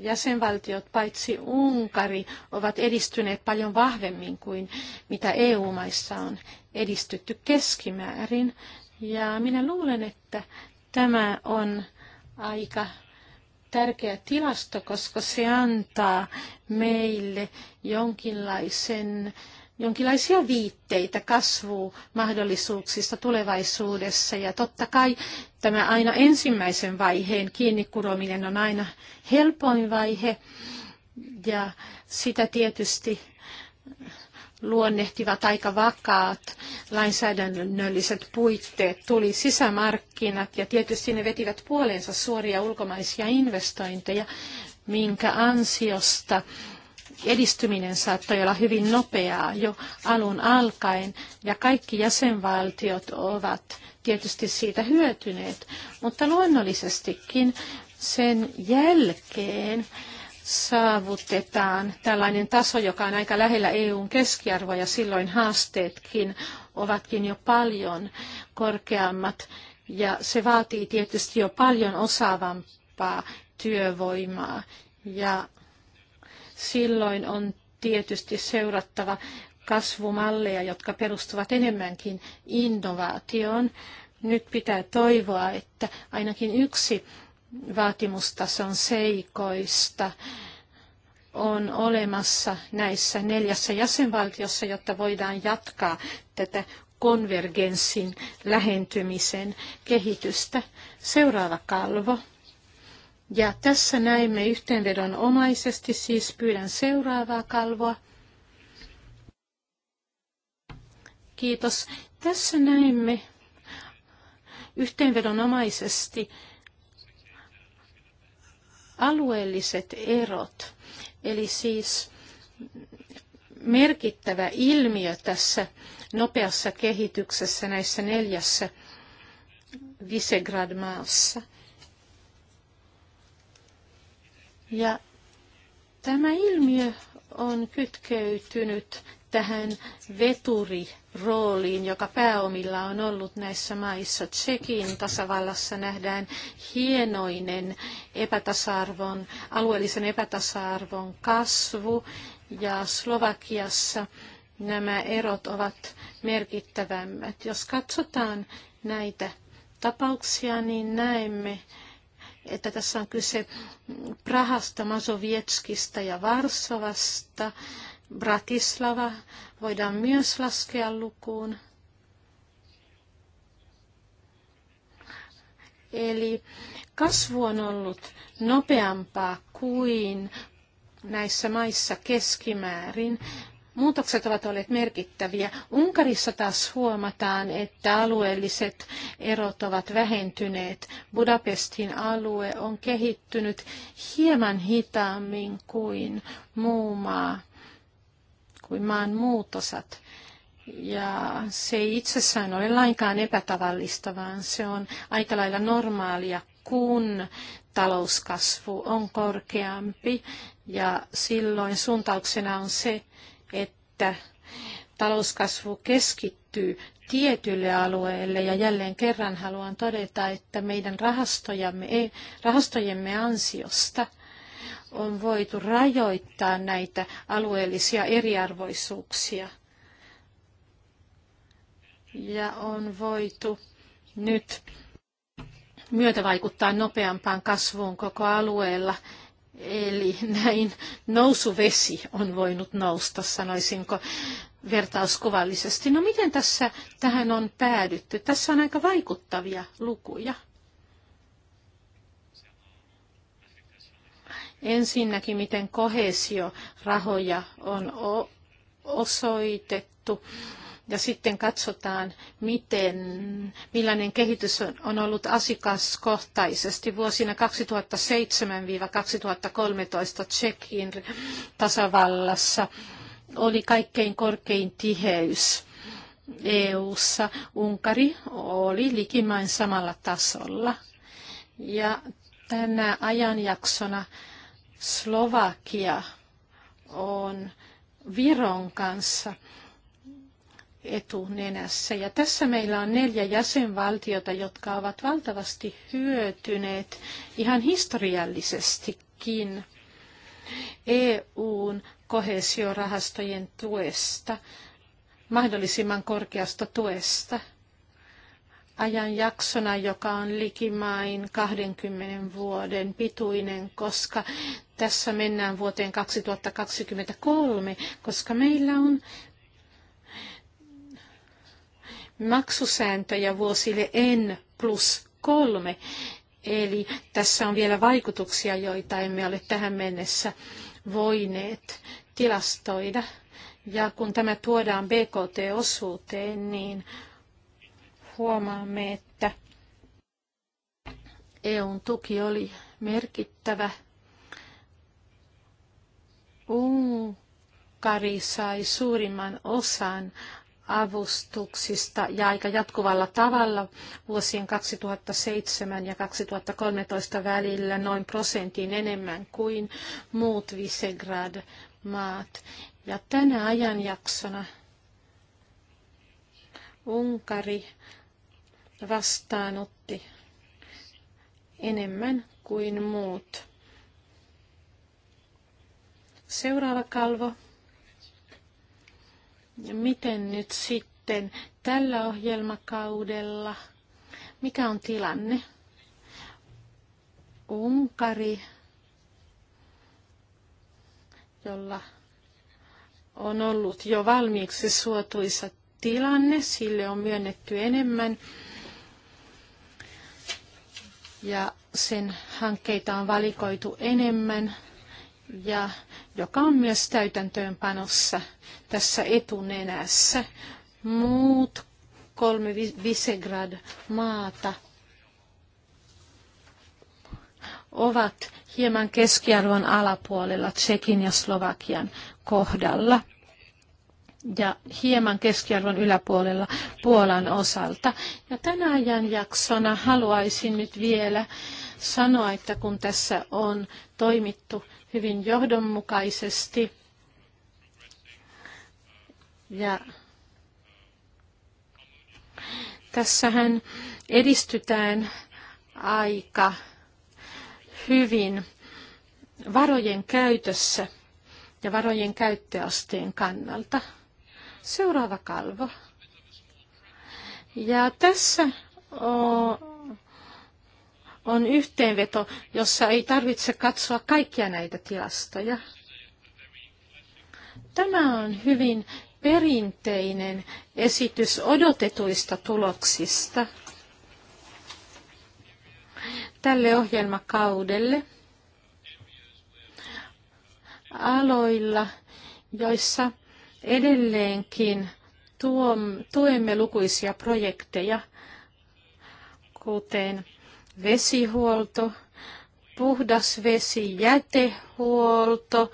jäsenvaltiot, paitsi Unkari, ovat edistyneet paljon vahvemmin kuin mitä EU-maissa on edistytty keskimäärin. Ja minä luulen, että tämä on aika tärkeä tilasto, koska se antaa meille jonkinlaisen jonkinlaisia viitteitä kasvumahdollisuuksista tulevaisuudessa. Ja totta kai tämä aina ensimmäisen vaiheen kiinni on aina helpoin vaihe. Ja sitä tietysti luonnehtivat aika vakaat lainsäädännölliset puitteet. Tuli sisämarkkinat ja tietysti ne vetivät puoleensa suoria ulkomaisia investointeja, minkä ansiosta edistyminen saattoi olla hyvin nopeaa jo alun alkaen, ja kaikki jäsenvaltiot ovat tietysti siitä hyötyneet, mutta luonnollisestikin sen jälkeen saavutetaan tällainen taso, joka on aika lähellä EUn keskiarvoa ja silloin haasteetkin ovatkin jo paljon korkeammat ja se vaatii tietysti jo paljon osaavampaa työvoimaa ja silloin on tietysti seurattava kasvumalleja, jotka perustuvat enemmänkin innovaatioon. Nyt pitää toivoa, että ainakin yksi vaatimustason seikoista on olemassa näissä neljässä jäsenvaltiossa, jotta voidaan jatkaa tätä konvergenssin lähentymisen kehitystä. Seuraava kalvo. Ja tässä näemme omaisesti siis pyydän seuraavaa kalvoa. Kiitos. Tässä näemme yhteenvedonomaisesti alueelliset erot. Eli siis merkittävä ilmiö tässä nopeassa kehityksessä näissä neljässä Visegrad-maassa. Ja tämä ilmiö on kytkeytynyt tähän veturirooliin, joka pääomilla on ollut näissä maissa. Tsekin tasavallassa nähdään hienoinen epätasa-arvon, alueellisen epätasa-arvon kasvu ja Slovakiassa nämä erot ovat merkittävämmät. Jos katsotaan näitä tapauksia, niin näemme, että tässä on kyse Prahasta, Masovietskista ja Varsovasta Bratislava voidaan myös laskea lukuun. Eli kasvu on ollut nopeampaa kuin näissä maissa keskimäärin. Muutokset ovat olleet merkittäviä. Unkarissa taas huomataan, että alueelliset erot ovat vähentyneet. Budapestin alue on kehittynyt hieman hitaammin kuin muu maa kuin maan muut osat. Ja se ei itsessään ole lainkaan epätavallista, vaan se on aika lailla normaalia, kun talouskasvu on korkeampi. Ja silloin suuntauksena on se, että talouskasvu keskittyy tietylle alueelle. Ja jälleen kerran haluan todeta, että meidän rahastojamme, rahastojemme ansiosta – on voitu rajoittaa näitä alueellisia eriarvoisuuksia. Ja on voitu nyt myötävaikuttaa nopeampaan kasvuun koko alueella. Eli näin nousuvesi on voinut nousta, sanoisinko vertauskuvallisesti. No miten tässä tähän on päädytty? Tässä on aika vaikuttavia lukuja. Ensinnäkin, miten kohesiorahoja on osoitettu ja sitten katsotaan, miten, millainen kehitys on, ollut asiakaskohtaisesti vuosina 2007-2013 Tsekin tasavallassa oli kaikkein korkein tiheys. EU:ssa Unkari oli likimain samalla tasolla. Ja tänä ajanjaksona Slovakia on Viron kanssa etunenässä. Ja tässä meillä on neljä jäsenvaltiota, jotka ovat valtavasti hyötyneet ihan historiallisestikin EUn kohesiorahastojen tuesta, mahdollisimman korkeasta tuesta – ajanjaksona, joka on likimain 20 vuoden pituinen, koska tässä mennään vuoteen 2023, koska meillä on maksusääntöjä vuosille N plus kolme. Eli tässä on vielä vaikutuksia, joita emme ole tähän mennessä voineet tilastoida. Ja kun tämä tuodaan BKT-osuuteen, niin huomaamme, että EUn tuki oli merkittävä. Unkari sai suurimman osan avustuksista ja aika jatkuvalla tavalla vuosien 2007 ja 2013 välillä noin prosentin enemmän kuin muut Visegrad-maat. Ja tänä ajanjaksona Unkari vastaanotti enemmän kuin muut. Seuraava kalvo. Miten nyt sitten tällä ohjelmakaudella? Mikä on tilanne? Unkari, jolla on ollut jo valmiiksi suotuisa tilanne, sille on myönnetty enemmän ja sen hankkeita on valikoitu enemmän ja joka on myös täytäntöönpanossa tässä etunenässä. Muut kolme Visegrad-maata ovat hieman keskiarvon alapuolella Tsekin ja Slovakian kohdalla ja hieman keskiarvon yläpuolella Puolan osalta. Ja tänä ajan jaksona haluaisin nyt vielä sanoa, että kun tässä on toimittu hyvin johdonmukaisesti ja tässähän edistytään aika hyvin varojen käytössä ja varojen käyttöasteen kannalta. Seuraava kalvo. Ja tässä on yhteenveto, jossa ei tarvitse katsoa kaikkia näitä tilastoja. Tämä on hyvin perinteinen esitys odotetuista tuloksista tälle ohjelmakaudelle aloilla, joissa Edelleenkin tuemme lukuisia projekteja, kuten vesihuolto, puhdas vesi, jätehuolto,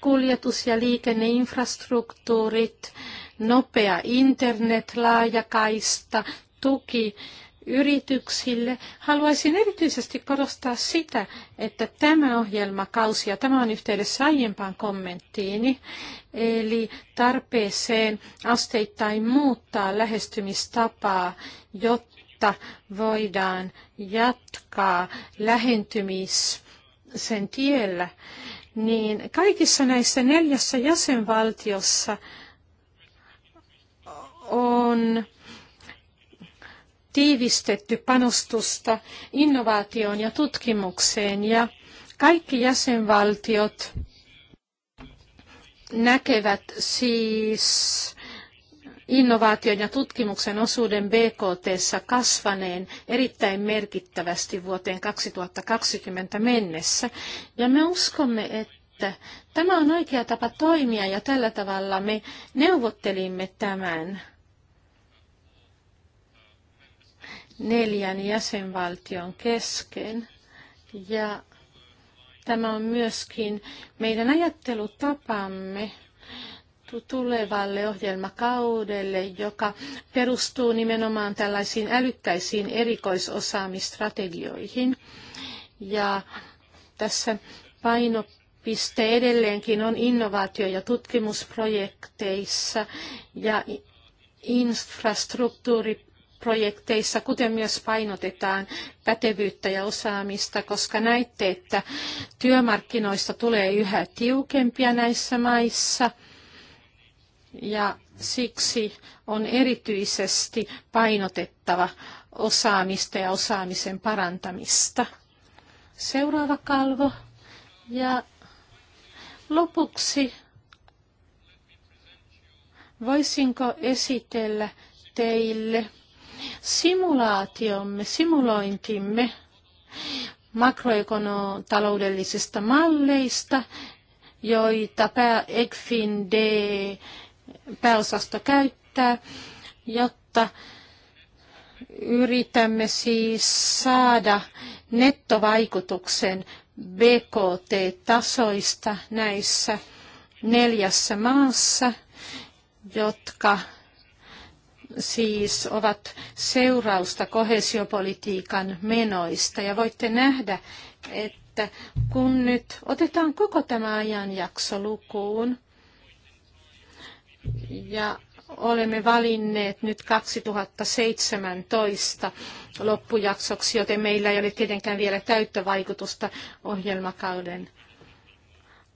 kuljetus- ja liikenneinfrastruktuurit, nopea internet, laajakaista, tuki yrityksille. Haluaisin erityisesti korostaa sitä, että tämä ohjelmakausi, ja tämä on yhteydessä aiempaan kommenttiini, eli tarpeeseen asteittain muuttaa lähestymistapaa, jotta voidaan jatkaa lähentymisen tiellä, niin kaikissa näissä neljässä jäsenvaltiossa on tiivistetty panostusta innovaatioon ja tutkimukseen ja kaikki jäsenvaltiot näkevät siis innovaation ja tutkimuksen osuuden BKT kasvaneen erittäin merkittävästi vuoteen 2020 mennessä. Ja me uskomme, että tämä on oikea tapa toimia ja tällä tavalla me neuvottelimme tämän neljän jäsenvaltion kesken. Ja tämä on myöskin meidän ajattelutapamme tulevalle ohjelmakaudelle, joka perustuu nimenomaan tällaisiin älykkäisiin erikoisosaamistrategioihin. Ja tässä painopiste edelleenkin on innovaatio- ja tutkimusprojekteissa ja infrastruktuuri projekteissa, kuten myös painotetaan pätevyyttä ja osaamista, koska näitte, että työmarkkinoista tulee yhä tiukempia näissä maissa. Ja siksi on erityisesti painotettava osaamista ja osaamisen parantamista. Seuraava kalvo. Ja lopuksi voisinko esitellä teille Simulaatiomme, simulointimme makroekonotaloudellisista malleista, joita pää ECFIN D pääosasto käyttää, jotta yritämme siis saada nettovaikutuksen BKT-tasoista näissä neljässä maassa, jotka siis ovat seurausta kohesiopolitiikan menoista. Ja voitte nähdä, että kun nyt otetaan koko tämä ajanjakso lukuun ja olemme valinneet nyt 2017 loppujaksoksi, joten meillä ei ole tietenkään vielä täyttä vaikutusta ohjelmakauden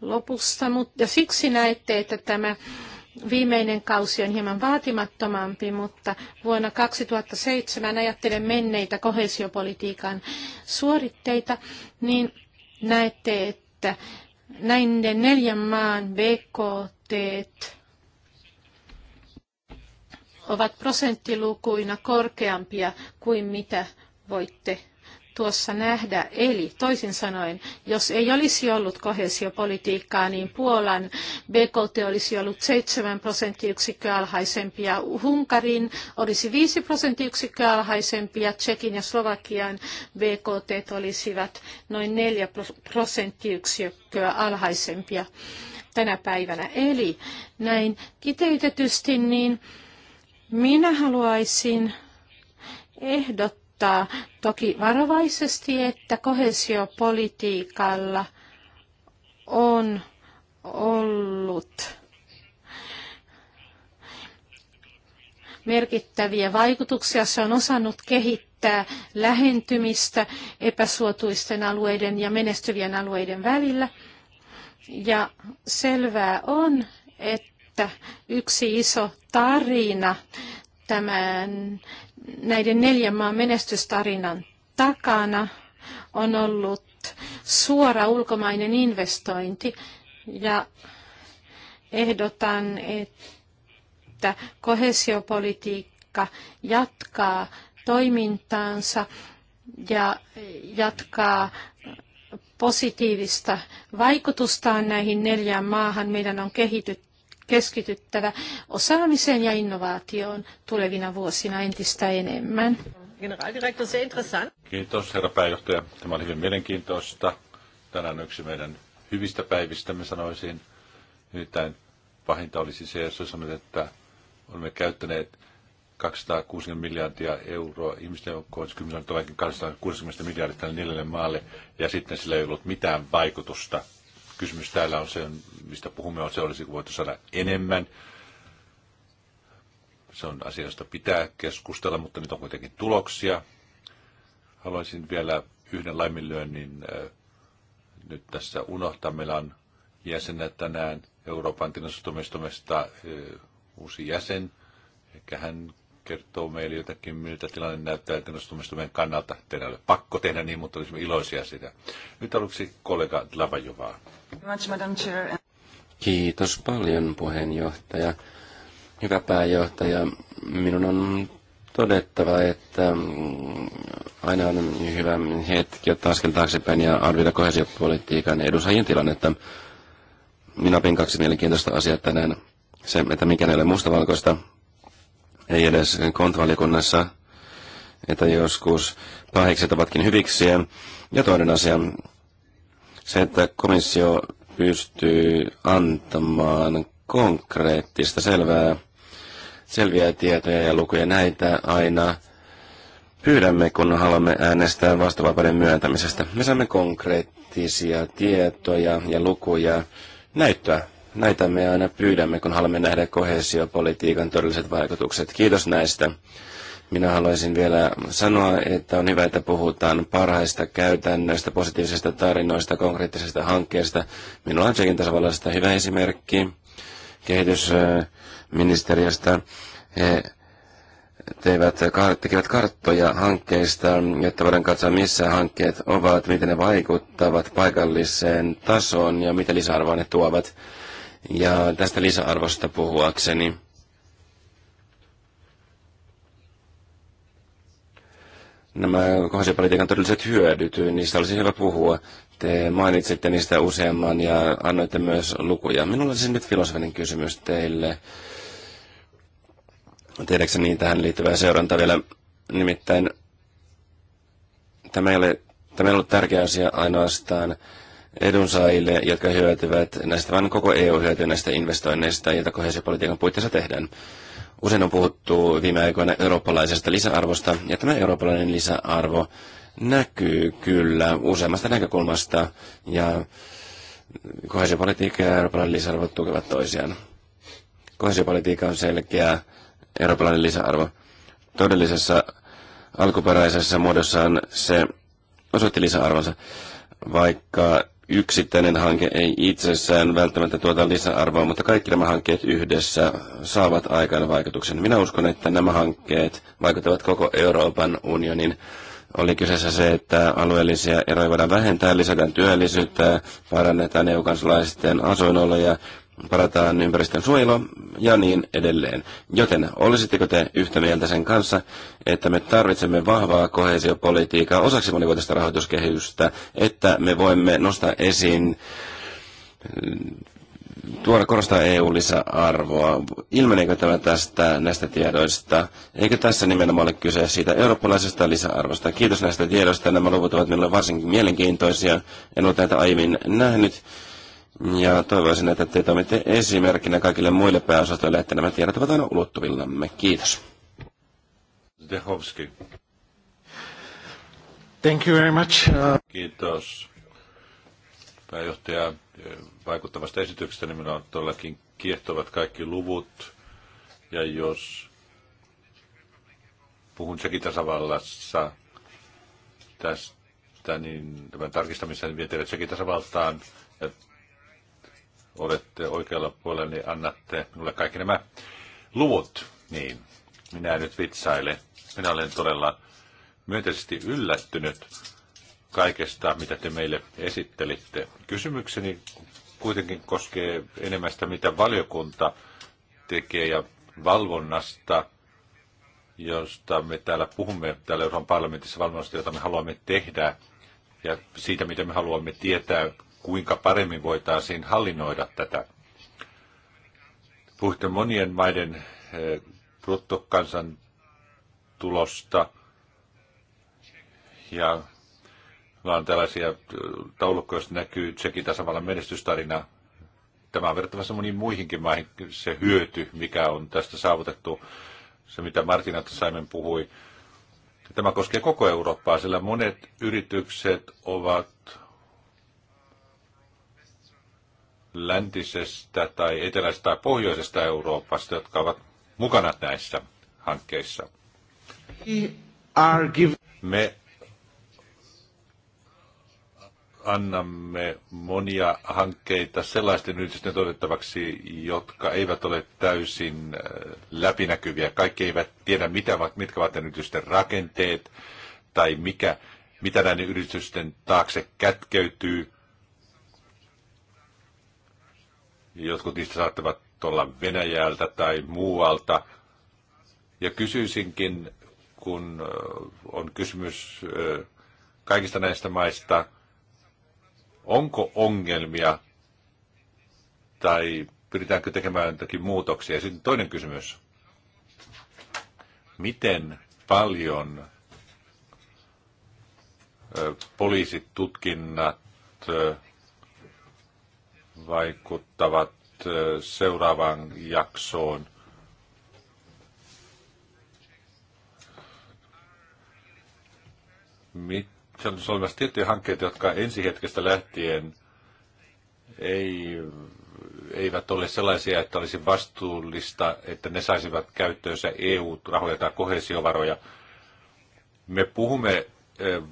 lopussa. Ja siksi näette, että tämä Viimeinen kausi on hieman vaatimattomampi, mutta vuonna 2007 ajattelen menneitä kohesiopolitiikan suoritteita, niin näette, että näiden neljän maan BKT ovat prosenttilukuina korkeampia kuin mitä voitte tuossa nähdä. Eli toisin sanoen, jos ei olisi ollut kohesiopolitiikkaa, niin Puolan BKT olisi ollut 7 prosenttiyksikköä alhaisempi ja Unkarin olisi 5 prosenttiyksikköä alhaisempi ja Tsekin ja Slovakian BKT olisivat noin 4 prosenttiyksikköä alhaisempia tänä päivänä. Eli näin kiteytetysti, niin minä haluaisin ehdottaa, mutta toki varovaisesti, että kohesiopolitiikalla on ollut merkittäviä vaikutuksia. Se on osannut kehittää lähentymistä epäsuotuisten alueiden ja menestyvien alueiden välillä. Ja selvää on, että yksi iso tarina tämän näiden neljän maan menestystarinan takana on ollut suora ulkomainen investointi ja ehdotan, että kohesiopolitiikka jatkaa toimintaansa ja jatkaa positiivista vaikutustaan näihin neljään maahan. Meidän on kehityt, keskityttävä osaamiseen ja innovaatioon tulevina vuosina entistä enemmän. Kiitos herra pääjohtaja. Tämä oli hyvin mielenkiintoista. Tänään yksi meidän hyvistä päivistä, me sanoisin. Nimittäin pahinta olisi siis se, jos sanoit, että olemme käyttäneet 260 miljardia euroa ihmisten joukkoon, 10 on 260 miljardia tälle neljälle maalle, ja sitten sillä ei ollut mitään vaikutusta kysymys täällä on se, mistä puhumme, on se, olisiko voitu saada enemmän. Se on asia, josta pitää keskustella, mutta nyt on kuitenkin tuloksia. Haluaisin vielä yhden laiminlyönnin äh, nyt tässä unohtaa. Meillä on jäsenä tänään Euroopan tilastumistomesta äh, uusi jäsen. Ehkä hän kertoo meille jotakin, miltä tilanne näyttää tilastumistomien kannalta. Teidän ei ole pakko tehdä niin, mutta olisimme iloisia sitä. Nyt aluksi kollega Lavajovaa. Kiitos paljon puheenjohtaja. Hyvä pääjohtaja, minun on todettava, että aina on hyvä hetki ottaa askel taaksepäin ja arvioida kohesiopolitiikan edusajien tilannetta. Minä opin kaksi mielenkiintoista asiaa tänään. Se, että mikään ei ole mustavalkoista, ei edes kontvalikunnassa, että joskus pahikset ovatkin hyviksiä. Ja toinen asia, se, että komissio pystyy antamaan konkreettista, selvää, selviä tietoja ja lukuja näitä aina pyydämme, kun haluamme äänestää vastavapauden myöntämisestä. Me saamme konkreettisia tietoja ja lukuja, näyttöä. Näitä me aina pyydämme, kun haluamme nähdä kohesiopolitiikan todelliset vaikutukset. Kiitos näistä. Minä haluaisin vielä sanoa, että on hyvä, että puhutaan parhaista käytännöistä, positiivisista tarinoista, konkreettisista hankkeista. Minulla on Tsekin tasavallasta hyvä esimerkki kehitysministeriöstä. He teivät, tekevät karttoja hankkeista, jotta voidaan katsoa, missä hankkeet ovat, miten ne vaikuttavat paikalliseen tasoon ja mitä lisäarvoa ne tuovat. Ja tästä lisäarvosta puhuakseni nämä kohdallisuuspolitiikan todelliset hyödyt, niistä olisi hyvä puhua. Te mainitsitte niistä useamman ja annoitte myös lukuja. Minulla olisi nyt filosofinen kysymys teille. Tiedätkö niin tähän liittyvää seurantaa vielä. Nimittäin tämä ei ole, tämä ei ole tärkeä asia ainoastaan edunsaajille, jotka hyötyvät näistä, vaan koko EU hyötyy näistä investoinneista, joita kohdallisuuspolitiikan puitteissa tehdään. Usein on puhuttu viime aikoina eurooppalaisesta lisäarvosta, ja tämä eurooppalainen lisäarvo näkyy kyllä useammasta näkökulmasta, ja kohesiopolitiikka ja eurooppalainen lisäarvo tukevat toisiaan. Kohesiopolitiikka on selkeä eurooppalainen lisäarvo. Todellisessa alkuperäisessä muodossaan se osoitti lisäarvonsa, vaikka yksittäinen hanke ei itsessään välttämättä tuota lisäarvoa, mutta kaikki nämä hankkeet yhdessä saavat aikaan vaikutuksen. Minä uskon, että nämä hankkeet vaikuttavat koko Euroopan unionin. Oli kyseessä se, että alueellisia eroja voidaan vähentää, lisätään työllisyyttä, parannetaan EU-kansalaisten asuinoloja, parataan ympäristön suojelua ja niin edelleen. Joten olisitteko te yhtä mieltä sen kanssa, että me tarvitsemme vahvaa kohesiopolitiikkaa osaksi monivuotista rahoituskehystä, että me voimme nostaa esiin mm, tuoda korostaa EU-lisäarvoa. Ilmeneekö tämä tästä näistä tiedoista? Eikö tässä nimenomaan ole kyse siitä eurooppalaisesta lisäarvosta? Kiitos näistä tiedoista. Nämä luvut ovat minulle varsinkin mielenkiintoisia. En ole tätä aiemmin nähnyt. Ja toivoisin, että te toimitte esimerkkinä kaikille muille pääosastoille, että nämä tiedot ovat aina ulottuvillamme. Kiitos. Zdechowski. Thank you very much. Uh... Kiitos pääjohtaja eh, vaikuttavasta esityksestä, niin minulla on todellakin kiehtovat kaikki luvut. Ja jos puhun sekin tasavallassa tästä, niin tämän tarkistamisen vietelee sekin tasavaltaan. Ja olette oikealla puolella, niin annatte minulle kaikki nämä luvut. Niin, minä nyt vitsaile. Minä olen todella myönteisesti yllättynyt kaikesta, mitä te meille esittelitte. Kysymykseni kuitenkin koskee enemmän sitä, mitä valiokunta tekee ja valvonnasta, josta me täällä puhumme täällä Euroopan parlamentissa valvonnasta, jota me haluamme tehdä ja siitä, mitä me haluamme tietää kuinka paremmin voitaisiin hallinnoida tätä. Puhutte monien maiden eh, bruttokansantulosta ja vaan tällaisia eh, taulukkoja, joista näkyy Tsekin tasavallan menestystarina. Tämä on verrattavassa moniin muihinkin maihin se hyöty, mikä on tästä saavutettu, se mitä Martina Saimen puhui. Tämä koskee koko Eurooppaa, sillä monet yritykset ovat läntisestä tai eteläisestä tai pohjoisesta Euroopasta, jotka ovat mukana näissä hankkeissa. Me annamme monia hankkeita sellaisten yritysten todettavaksi, jotka eivät ole täysin äh, läpinäkyviä. Kaikki eivät tiedä, mitä ovat, mitkä ovat yritysten rakenteet tai mikä, mitä näiden yritysten taakse kätkeytyy. Jotkut niistä saattavat olla Venäjältä tai muualta. Ja kysyisinkin, kun on kysymys kaikista näistä maista, onko ongelmia tai pyritäänkö tekemään jotakin muutoksia? Ja sitten toinen kysymys. Miten paljon poliisitutkinnat vaikuttavat seuraavaan jaksoon. Se on olemassa tiettyjä hankkeita, jotka ensi hetkestä lähtien ei, eivät ole sellaisia, että olisi vastuullista, että ne saisivat käyttöönsä EU-rahoja tai kohesiovaroja. Me puhumme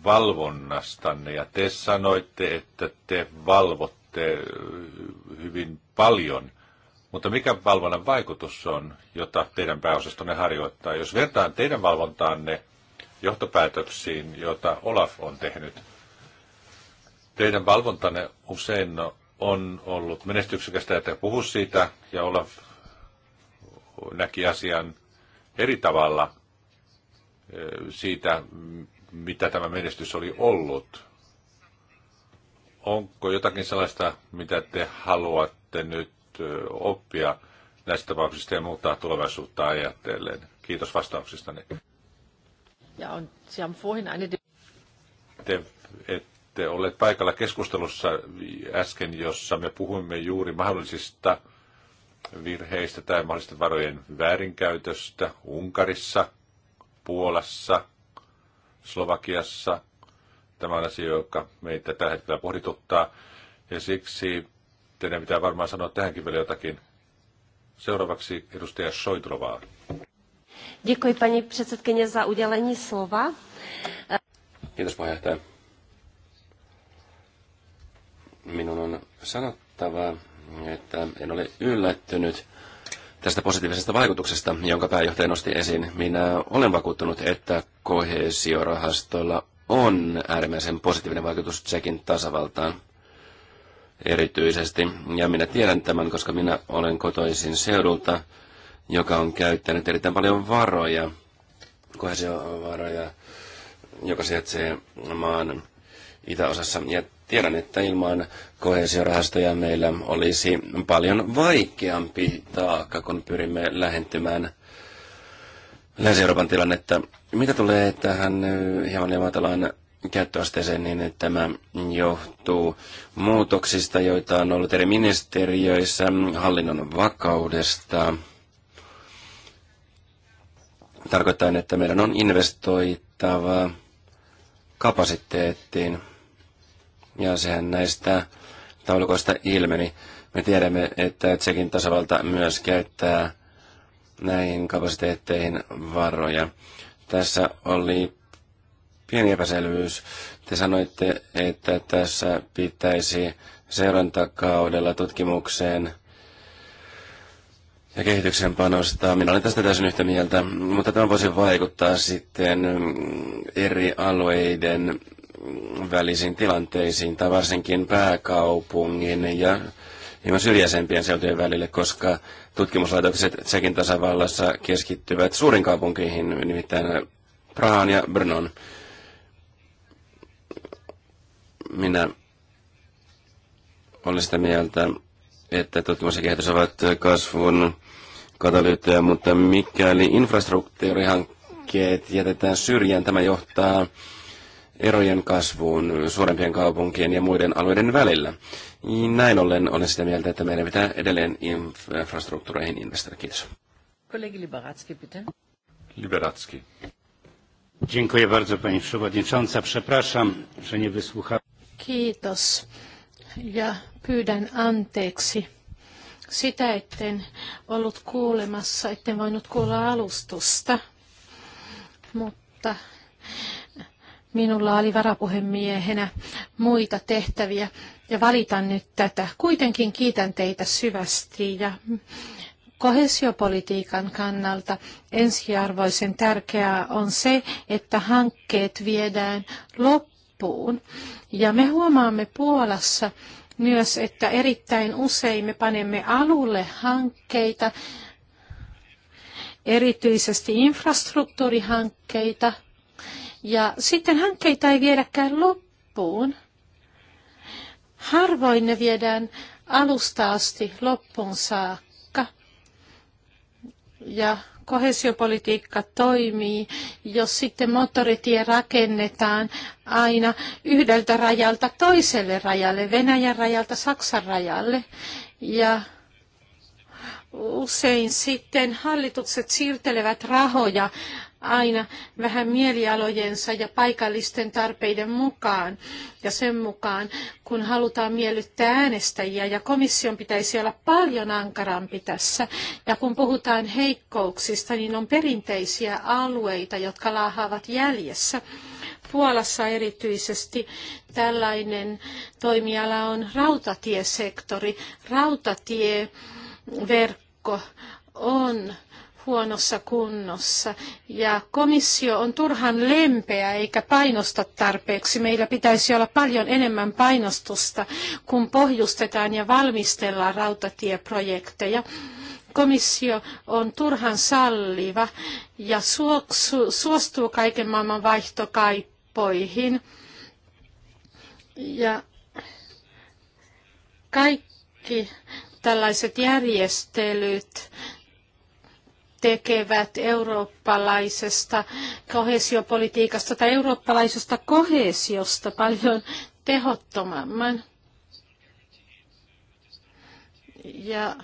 valvonnastanne ja te sanoitte, että te valvotte sitten hyvin paljon, mutta mikä valvonnan vaikutus on, jota teidän pääosastonne harjoittaa? Jos vertaan teidän valvontaanne johtopäätöksiin, joita Olaf on tehnyt, teidän valvontanne usein on ollut menestyksekästä, että puhu siitä, ja Olaf näki asian eri tavalla eh, siitä, mitä tämä menestys oli ollut. Onko jotakin sellaista, mitä te haluatte nyt oppia näistä tapauksista ja muuttaa tulevaisuutta ajatellen? Kiitos vastauksistanne. Ja on, Te ette ole paikalla keskustelussa äsken, jossa me puhuimme juuri mahdollisista virheistä tai mahdollisten varojen väärinkäytöstä Unkarissa, Puolassa, Slovakiassa – Tämä on asia, joka meitä tällä hetkellä pohdituttaa. Ja siksi teidän pitää varmaan sanoa tähänkin vielä jotakin. Seuraavaksi edustaja Soitrovaa. Děkuji paní předsedkyně za udělení slova. Kiitos puheenjohtaja. Minun on sanottava, että en ole yllättynyt tästä positiivisesta vaikutuksesta, jonka pääjohtaja nosti esiin. Minä olen vakuuttunut, että kohesiorahastolla on äärimmäisen positiivinen vaikutus Tsekin tasavaltaan erityisesti. Ja minä tiedän tämän, koska minä olen kotoisin seudulta, joka on käyttänyt erittäin paljon varoja, kohesiovaroja, joka sijaitsee maan itäosassa. Ja tiedän, että ilman kohesiorahastoja meillä olisi paljon vaikeampi taakka, kun pyrimme lähentymään Länsi-Euroopan tilannetta. Mitä tulee tähän hieman ja käyttöasteeseen, niin tämä johtuu muutoksista, joita on ollut eri ministeriöissä, mm, hallinnon vakaudesta. Tarkoittaa, että meidän on investoitava kapasiteettiin. Ja sehän näistä taulukoista ilmeni. Me tiedämme, että Tsekin tasavalta myös käyttää näihin kapasiteetteihin varoja. Tässä oli pieni epäselvyys. Te sanoitte, että tässä pitäisi seurantakaudella tutkimukseen ja kehityksen panostaa. Minä olen tästä täysin yhtä mieltä, mutta tämä voisi vaikuttaa sitten eri alueiden välisiin tilanteisiin tai varsinkin pääkaupungin ja hieman niin syrjäisempien seutujen välille, koska tutkimuslaitokset Tsekin tasavallassa keskittyvät suurin kaupunkiin, nimittäin Prahaan ja Brnon. Minä olen sitä mieltä, että tutkimus ja kehitys ovat kasvun katalyyttejä, mutta mikäli infrastruktuurihankkeet jätetään syrjään, tämä johtaa erojen kasvuun suurempien kaupunkien ja muiden alueiden välillä. Näin ollen olen sitä mieltä, että meidän pitää edelleen infrastruktuureihin investoida. Kiitos. Kollegi Liberatski, bitte. Liberatski. Dziękuję bardzo, pani przewodnicząca. Przepraszam, że nie wysłuchałem. Kiitos ja pyydän anteeksi sitä, etten ollut kuulemassa, etten voinut kuulla alustusta, mutta Minulla oli varapuhemiehenä muita tehtäviä ja valitan nyt tätä. Kuitenkin kiitän teitä syvästi ja kohesiopolitiikan kannalta ensiarvoisen tärkeää on se, että hankkeet viedään loppuun. Ja me huomaamme Puolassa myös, että erittäin usein me panemme alulle hankkeita, erityisesti infrastruktuurihankkeita – ja sitten hankkeita ei viedäkään loppuun. Harvoin ne viedään alusta asti loppuun saakka. Ja kohesiopolitiikka toimii, jos sitten moottoritie rakennetaan aina yhdeltä rajalta toiselle rajalle, Venäjän rajalta Saksan rajalle. Ja usein sitten hallitukset siirtelevät rahoja aina vähän mielialojensa ja paikallisten tarpeiden mukaan ja sen mukaan, kun halutaan miellyttää äänestäjiä. Ja komission pitäisi olla paljon ankarampi tässä. Ja kun puhutaan heikkouksista, niin on perinteisiä alueita, jotka laahaavat jäljessä. Puolassa erityisesti tällainen toimiala on rautatiesektori. Rautatieverkko on huonossa kunnossa. Ja komissio on turhan lempeä eikä painosta tarpeeksi. Meillä pitäisi olla paljon enemmän painostusta, kun pohjustetaan ja valmistellaan rautatieprojekteja komissio on turhan salliva ja suoksu, suostuu kaiken maailman vaihtokaippoihin. Ja kaikki tällaiset järjestelyt tekevät eurooppalaisesta kohesiopolitiikasta tai eurooppalaisesta kohesiosta paljon tehottomamman. Ja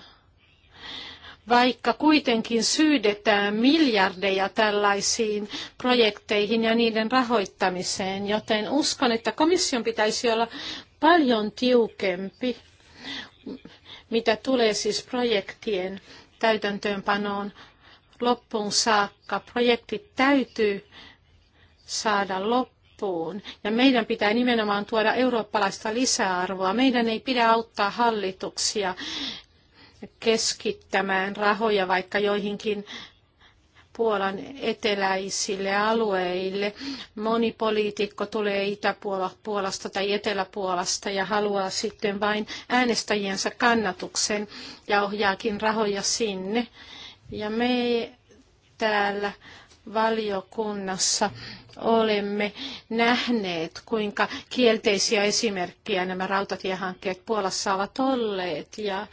vaikka kuitenkin syydetään miljardeja tällaisiin projekteihin ja niiden rahoittamiseen, joten uskon, että komission pitäisi olla paljon tiukempi, mitä tulee siis projektien täytäntöönpanoon loppuun saakka. Projekti täytyy saada loppuun. Ja meidän pitää nimenomaan tuoda eurooppalaista lisäarvoa. Meidän ei pidä auttaa hallituksia keskittämään rahoja vaikka joihinkin Puolan eteläisille alueille. Moni poliitikko tulee Itä-Puolasta tai Etelä-Puolasta ja haluaa sitten vain äänestäjiensä kannatuksen ja ohjaakin rahoja sinne. Ja me täällä valiokunnassa olemme nähneet, kuinka kielteisiä esimerkkejä nämä rautatiehankkeet Puolassa ovat olleet. Ja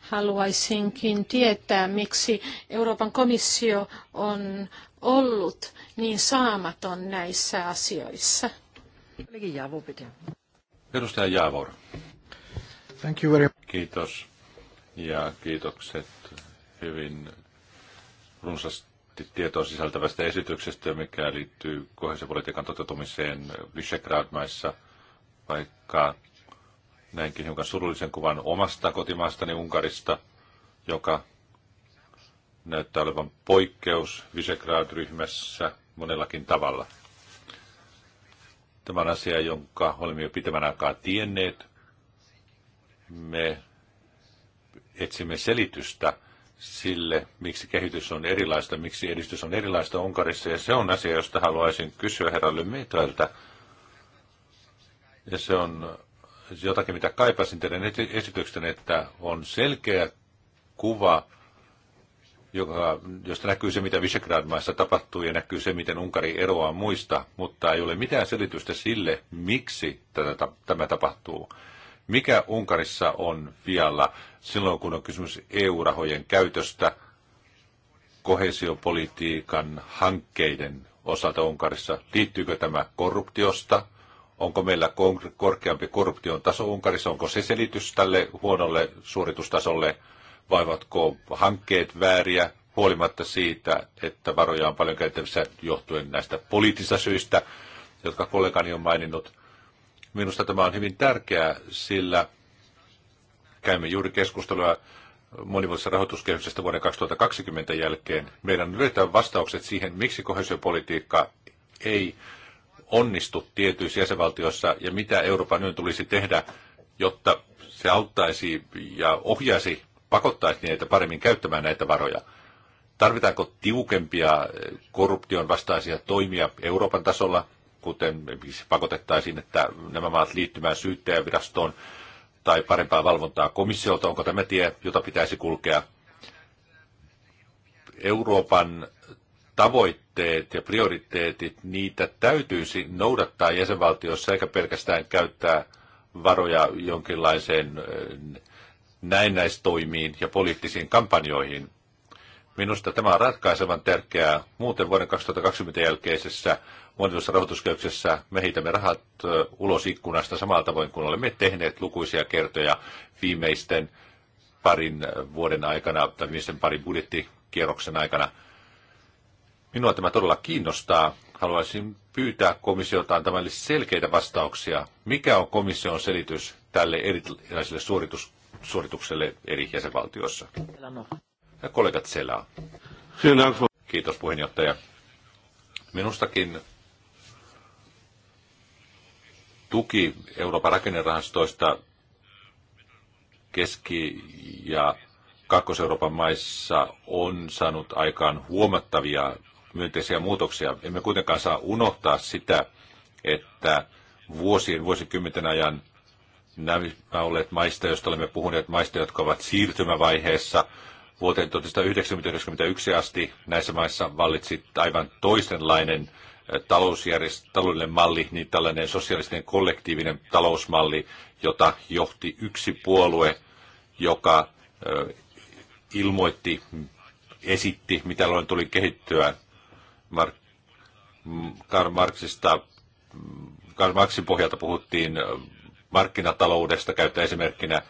haluaisinkin tietää, miksi Euroopan komissio on ollut niin saamaton näissä asioissa. Edustaja Jaavor. Thank you very much. Kiitos ja kiitokset hyvin runsaasti tietoa sisältävästä esityksestä, mikä liittyy kohesiopolitiikan toteutumiseen Visegrad-maissa, vaikka näinkin hiukan surullisen kuvan omasta kotimaastani Unkarista, joka näyttää olevan poikkeus Visegrad-ryhmässä monellakin tavalla. Tämä on asia, jonka olemme jo pitemmän aikaa tienneet. Me etsimme selitystä – sille, miksi kehitys on erilaista, miksi edistys on erilaista Unkarissa. Ja se on asia, josta haluaisin kysyä herra Lymitöltä. Ja se on jotakin, mitä kaipasin teidän esityksen, että on selkeä kuva, joka, josta näkyy se, mitä Visegrad-maissa tapahtuu ja näkyy se, miten Unkari eroaa muista, mutta ei ole mitään selitystä sille, miksi tätä, tämä tapahtuu mikä Unkarissa on vialla silloin, kun on kysymys EU-rahojen käytöstä kohesiopolitiikan hankkeiden osalta Unkarissa. Liittyykö tämä korruptiosta? Onko meillä korkeampi korruption taso Unkarissa? Onko se selitys tälle huonolle suoritustasolle? Vaivatko hankkeet vääriä huolimatta siitä, että varoja on paljon käytettävissä johtuen näistä poliittisista syistä, jotka kollegani on maininnut – Minusta tämä on hyvin tärkeää, sillä käymme juuri keskustelua monivuotisesta rahoituskehyksestä vuoden 2020 jälkeen. Meidän on löytää vastaukset siihen, miksi kohesiopolitiikka ei onnistu tietyissä jäsenvaltioissa ja mitä Euroopan yön tulisi tehdä, jotta se auttaisi ja ohjaisi, pakottaisi niitä paremmin käyttämään näitä varoja. Tarvitaanko tiukempia korruption vastaisia toimia Euroopan tasolla? kuten pakotettaisiin, että nämä maat liittymään syyttäjävirastoon tai parempaa valvontaa komissiolta. Onko tämä tie, jota pitäisi kulkea? Euroopan tavoitteet ja prioriteetit, niitä täytyisi noudattaa jäsenvaltiossa eikä pelkästään käyttää varoja jonkinlaiseen eh, näennäistoimiin ja poliittisiin kampanjoihin. Minusta tämä on ratkaisevan tärkeää. Muuten vuoden 2020 jälkeisessä muodossa rahoituskehyksessä me heitämme rahat ulos ikkunasta samalla tavoin kuin olemme tehneet lukuisia kertoja viimeisten parin vuoden aikana tai viimeisten parin budjettikierroksen aikana. Minua tämä todella kiinnostaa. Haluaisin pyytää komissiota antamaan selkeitä vastauksia. Mikä on komission selitys tälle erilaiselle suoritus, suoritukselle eri jäsenvaltioissa? ja kollegat Selaa. Kiitos puheenjohtaja. Minustakin tuki Euroopan rakennerahastoista Keski- ja Kakkois-Euroopan maissa on saanut aikaan huomattavia myönteisiä muutoksia. Emme kuitenkaan saa unohtaa sitä, että vuosien, vuosikymmenten ajan nämä olleet maista, joista olemme puhuneet, maista, jotka ovat siirtymävaiheessa, Vuoteen 1991 asti näissä maissa vallitsi aivan toisenlainen taloudellinen malli, niin tällainen sosiaalisten kollektiivinen talousmalli, jota johti yksi puolue, joka ilmoitti, esitti, mitä loin tuli kehittyä. Mark, Karl Marxista, Karl Marxin pohjalta puhuttiin markkinataloudesta, käyttää esimerkkinä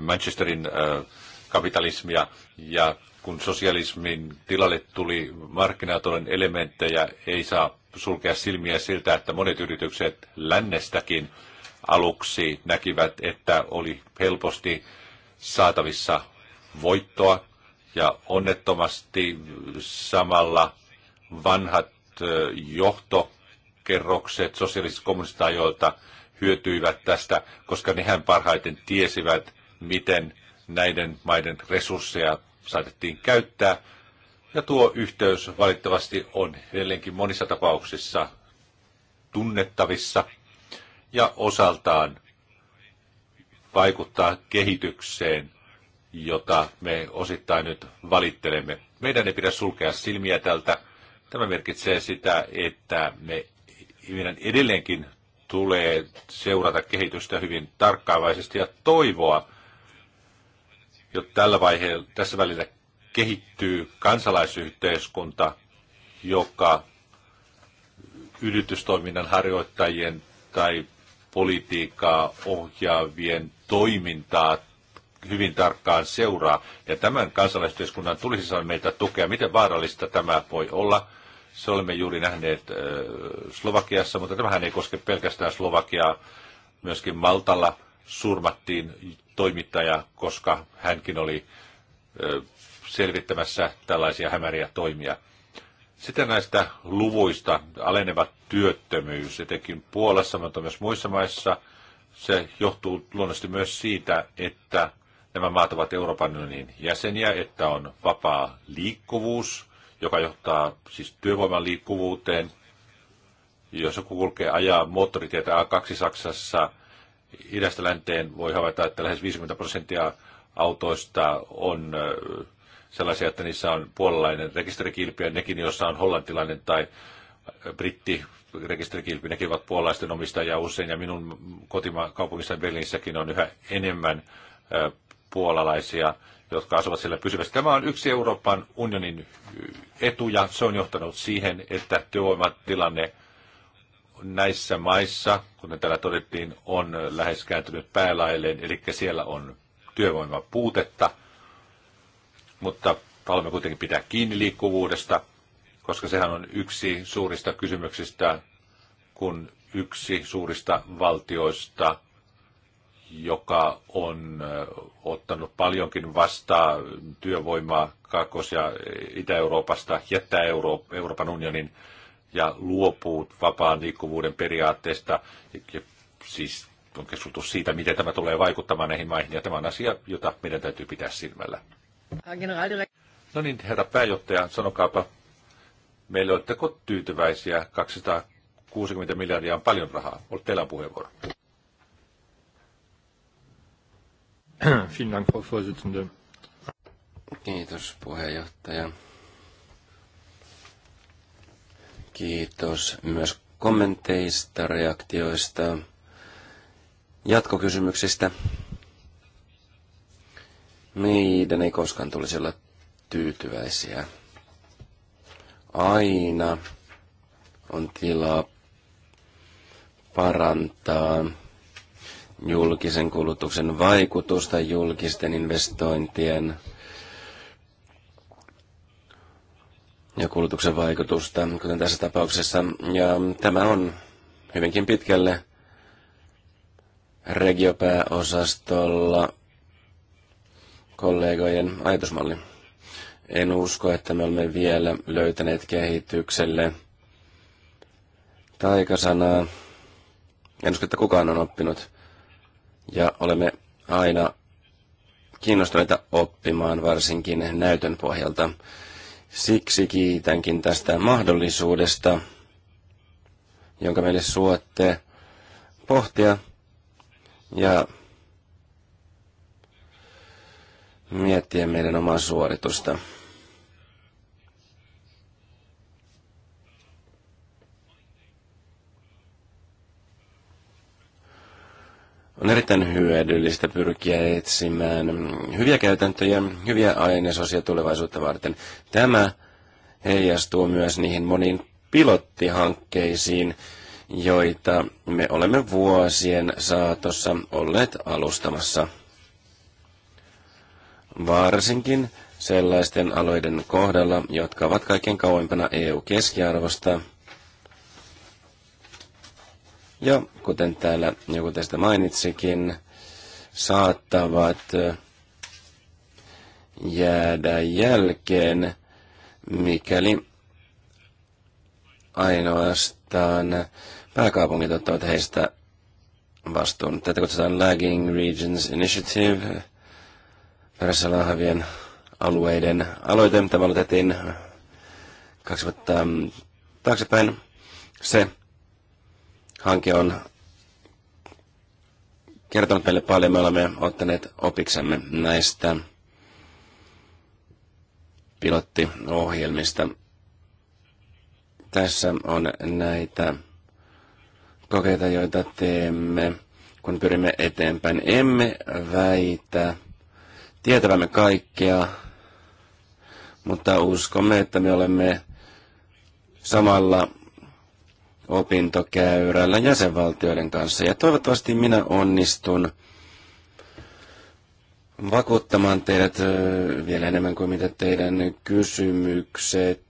Manchesterin äh, kapitalismia ja kun sosialismin tilalle tuli markkinatalouden elementtejä, ei saa sulkea silmiä siltä, että monet yritykset lännestäkin aluksi näkivät, että oli helposti saatavissa voittoa ja onnettomasti samalla vanhat johtokerrokset sosiaalisista kommunista hyötyivät tästä, koska nehän parhaiten tiesivät, miten näiden maiden resursseja saatettiin käyttää. Ja tuo yhteys valitettavasti on edelleenkin monissa tapauksissa tunnettavissa ja osaltaan vaikuttaa kehitykseen, jota me osittain nyt valittelemme. Meidän ei pidä sulkea silmiä tältä. Tämä merkitsee sitä, että me, meidän edelleenkin tulee seurata kehitystä hyvin tarkkaavaisesti ja toivoa, jo tällä vaiheella, tässä välillä kehittyy kansalaisyhteiskunta, joka yritystoiminnan harjoittajien tai politiikkaa ohjaavien toimintaa hyvin tarkkaan seuraa. Ja tämän kansalaisyhteiskunnan tulisi saada meitä tukea. Miten vaarallista tämä voi olla? Se olemme juuri nähneet äh, Slovakiassa, mutta tämähän ei koske pelkästään Slovakiaa. Myöskin Maltalla surmattiin toimittaja, koska hänkin oli selvittämässä tällaisia hämäriä toimia. Sitten näistä luvuista aleneva työttömyys, etenkin Puolassa, mutta myös muissa maissa, se johtuu luonnollisesti myös siitä, että nämä maat ovat Euroopan unionin jäseniä, että on vapaa liikkuvuus, joka johtaa siis työvoiman liikkuvuuteen. Jos joku kulkee ajaa moottoritietä A2 Saksassa idästä länteen voi havaita, että lähes 50 prosenttia autoista on sellaisia, että niissä on puolalainen rekisterikilpi ja nekin, joissa on hollantilainen tai britti rekisterikilpi, nekin ovat puolalaisten omistajia usein ja minun kotimaan kaupungissa Berliinissäkin on yhä enemmän puolalaisia, jotka asuvat siellä pysyvästi. Tämä on yksi Euroopan unionin etu ja se on johtanut siihen, että työvoimatilanne näissä maissa, kuten täällä todettiin, on lähes kääntynyt päälailleen, eli siellä on puutetta, mutta haluamme kuitenkin pitää kiinni liikkuvuudesta, koska sehän on yksi suurista kysymyksistä, kun yksi suurista valtioista, joka on ottanut paljonkin vastaan työvoimaa Kaakos- ja Itä-Euroopasta, jättää Euroopan unionin ja luopuu vapaan liikkuvuuden periaatteesta. Ja siis on keskusteltu siitä, miten tämä tulee vaikuttamaan näihin maihin, ja tämä on asia, jota meidän täytyy pitää silmällä. No niin, herra pääjohtaja, sanokaapa, meillä oletteko tyytyväisiä 260 miljardia on paljon rahaa. Olet teillä puheenvuoro. Kiitos puheenjohtaja. Kiitos myös kommenteista, reaktioista, jatkokysymyksistä. Meidän ei koskaan tulisi olla tyytyväisiä. Aina on tilaa parantaa julkisen kulutuksen vaikutusta julkisten investointien ja kulutuksen vaikutusta, kuten tässä tapauksessa. Ja tämä on hyvinkin pitkälle regiopääosastolla kollegojen ajatusmalli. En usko, että me olemme vielä löytäneet kehitykselle taikasanaa. En usko, että kukaan on oppinut. Ja olemme aina kiinnostuneita oppimaan varsinkin näytön pohjalta. Siksi kiitänkin tästä mahdollisuudesta, jonka meille suotte pohtia ja miettiä meidän omaa suoritusta. On erittäin hyödyllistä pyrkiä etsimään hyviä käytäntöjä, hyviä ainesosia tulevaisuutta varten. Tämä heijastuu myös niihin moniin pilottihankkeisiin, joita me olemme vuosien saatossa olleet alustamassa. Varsinkin sellaisten aloiden kohdalla, jotka ovat kaiken kauempana EU-keskiarvosta – ja kuten täällä joku tästä mainitsikin, saattavat jäädä jälkeen, mikäli ainoastaan pääkaupungit ottavat heistä vastuun. Tätä kutsutaan Lagging Regions Initiative, perässä lahavien alueiden aloite. Tämä aloitettiin kaksi vuotta mm, taaksepäin. Se hanke on kertonut meille paljon. Me olemme ottaneet opiksemme näistä pilottiohjelmista. Tässä on näitä kokeita, joita teemme, kun pyrimme eteenpäin. Emme väitä tietävämme kaikkea, mutta uskomme, että me olemme samalla opintokäyrällä jäsenvaltioiden kanssa. Ja toivottavasti minä onnistun vakuuttamaan teidät vielä enemmän kuin mitä teidän kysymykset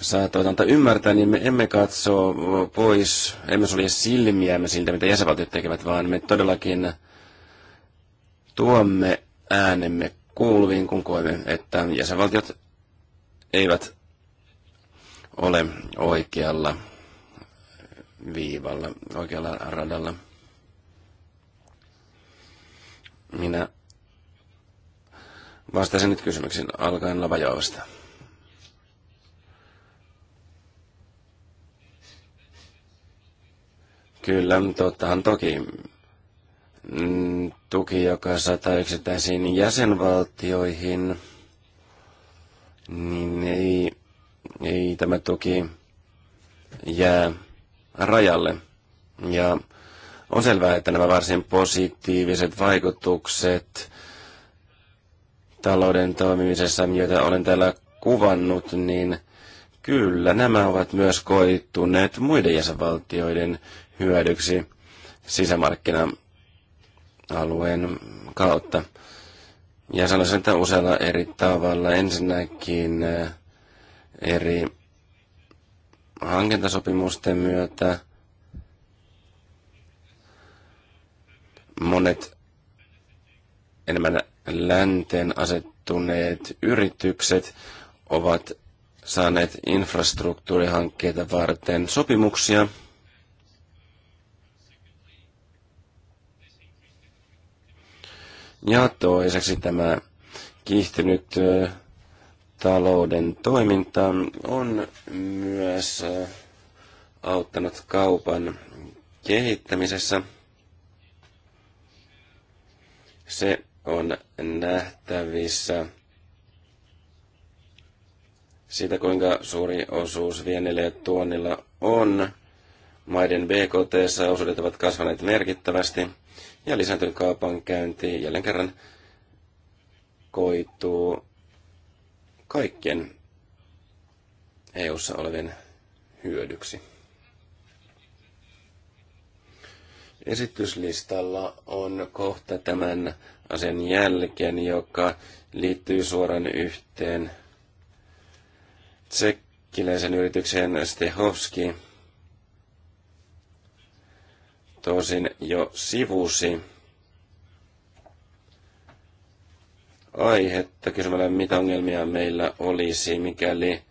saattavat antaa ymmärtää, niin me emme katso pois, emme sulje silmiämme siltä, mitä jäsenvaltiot tekevät, vaan me todellakin tuomme äänemme kuuluviin, kun koemme, että jäsenvaltiot eivät ole oikealla viivalla, oikealla radalla. Minä vastasin nyt kysymyksiin alkaen Lavajoavasta. Kyllä, tottahan toki. Tuki, joka saattaa yksittäisiin jäsenvaltioihin, niin ei, ei tämä tuki jää rajalle. Ja on selvää, että nämä varsin positiiviset vaikutukset talouden toimimisessa, joita olen täällä kuvannut, niin kyllä nämä ovat myös koittuneet muiden jäsenvaltioiden hyödyksi sisämarkkina-alueen kautta. Ja sanoisin, että usealla eri tavalla. Ensinnäkin eh, eri hankintasopimusten myötä monet enemmän länteen asettuneet yritykset ovat saaneet infrastruktuurihankkeita varten sopimuksia. Ja toiseksi tämä kiihtynyt talouden toiminta on myös äh, auttanut kaupan kehittämisessä. Se on nähtävissä siitä, kuinka suuri osuus vienille ja tuonnilla on. Maiden BKT osuudet ovat kasvaneet merkittävästi ja lisääntynyt kaupankäynti jälleen kerran koituu kaikkien EU-ssa olevien hyödyksi. Esityslistalla on kohta tämän asian jälkeen, joka liittyy suoraan yhteen tsekkiläisen yritykseen Stehovski. Tosin jo sivusi aihetta kysymällä, mitä ongelmia meillä olisi, mikäli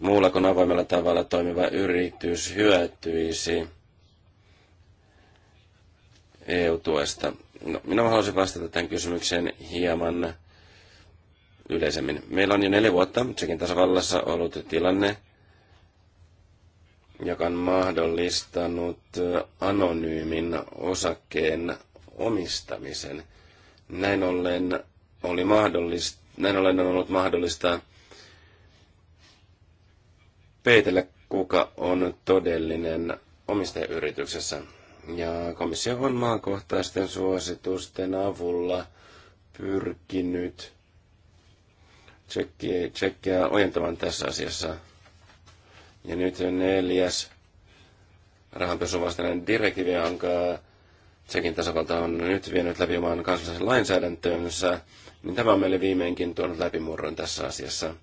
muulla kuin avoimella tavalla toimiva yritys hyötyisi EU-tuesta. No, minä haluaisin vastata tämän kysymykseen hieman yleisemmin. Meillä on jo neljä vuotta Tsekin tasavallassa ollut tilanne, joka on mahdollistanut anonyymin osakkeen omistamisen – näin ollen, oli mahdollista, näin ollen on ollut mahdollista peitellä, kuka on todellinen omistajayrityksessä. Ja komissio on maakohtaisten suositusten avulla pyrkinyt tsekkiä, tsekkiä ojentamaan tässä asiassa. Ja nyt neljäs rahanpesuvastainen direktiivi, jonka Sekin tasavalta on nyt vienyt läpi oman kansallisen lainsäädäntöönsä, niin tämä on meille viimeinkin tuonut läpimurron tässä asiassa.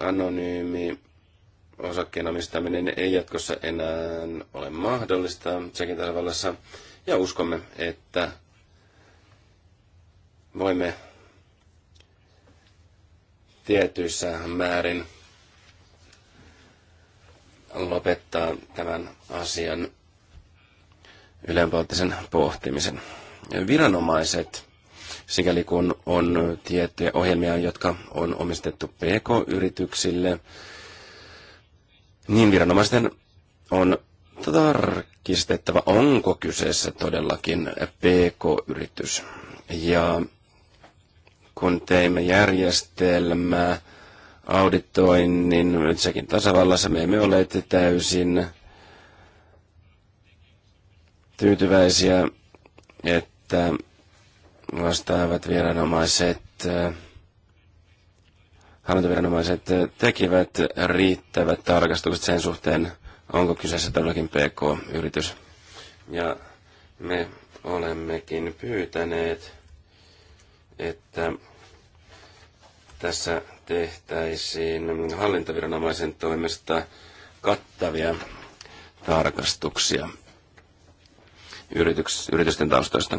Anonyymi osakkeen omistaminen ei jatkossa enää ole mahdollista Tsekin tasavallassa, ja uskomme, että voimme tietyissä määrin lopettaa tämän asian ylenpalttisen pohtimisen. Viranomaiset, sikäli kun on tiettyjä ohjelmia, jotka on omistettu PK-yrityksille, niin viranomaisten on tarkistettava, onko kyseessä todellakin PK-yritys. Ja kun teimme järjestelmää auditoinnin sekin tasavallassa, me emme ole täysin tyytyväisiä, että vastaavat viranomaiset, äh, hallintoviranomaiset äh, tekivät riittävät tarkastukset sen suhteen, onko kyseessä todellakin PK-yritys. Ja me olemmekin pyytäneet, että tässä tehtäisiin hallintoviranomaisen toimesta kattavia tarkastuksia yrityks, yritysten taustoista.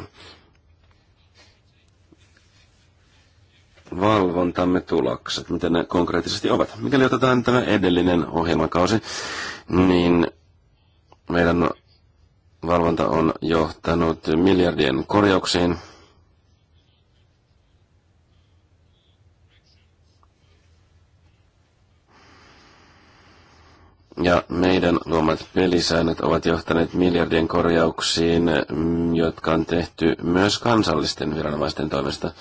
Valvontamme tulokset, miten ne konkreettisesti ovat. Mikäli otetaan tämä edellinen ohjelmakausi, niin meidän valvonta on johtanut miljardien korjauksiin, Ja meidän luomat pelisäännöt ovat johtaneet miljardien korjauksiin, jotka on tehty myös kansallisten viranomaisten toimesta.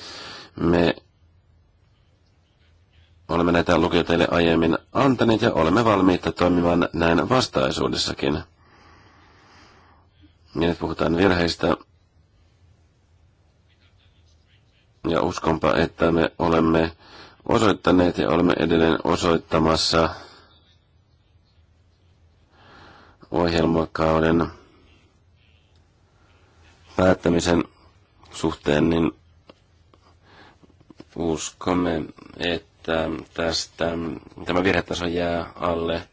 Me olemme näitä lukuja teille aiemmin antaneet ja olemme valmiita toimimaan näin vastaisuudessakin. Ja nyt puhutaan virheistä. Ja uskonpa, että me olemme osoittaneet ja olemme edelleen osoittamassa ohjelmakauden päättämisen suhteen, niin uskomme, että tästä tämä virhetaso jää alle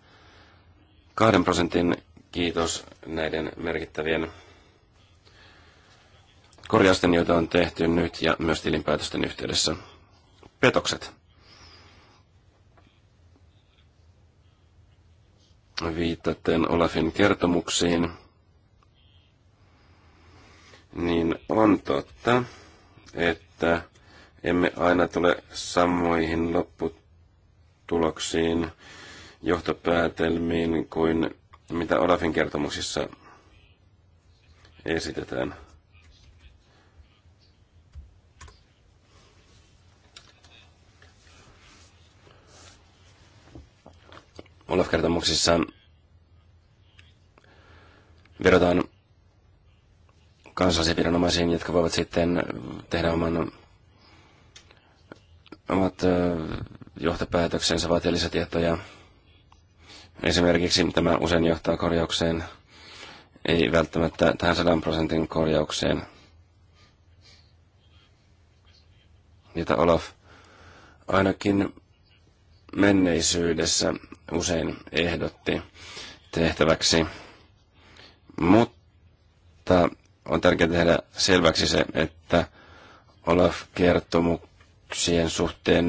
2 prosentin kiitos näiden merkittävien korjausten, joita on tehty nyt ja myös tilinpäätösten yhteydessä. Petokset. viitaten Olafin kertomuksiin, niin on totta, että emme aina tule samoihin lopputuloksiin, johtopäätelmiin kuin mitä Olafin kertomuksissa esitetään. Olaf-kertomuksissa verotaan kansallisiin viranomaisiin, jotka voivat sitten tehdä oman, omat johtopäätöksensä, vaatia lisätietoja. Esimerkiksi tämä usein johtaa korjaukseen, ei välttämättä tähän 100 prosentin korjaukseen, jota Olaf ainakin menneisyydessä usein ehdotti tehtäväksi. Mutta on tärkeää tehdä selväksi se, että Olaf-kertomuksien suhteen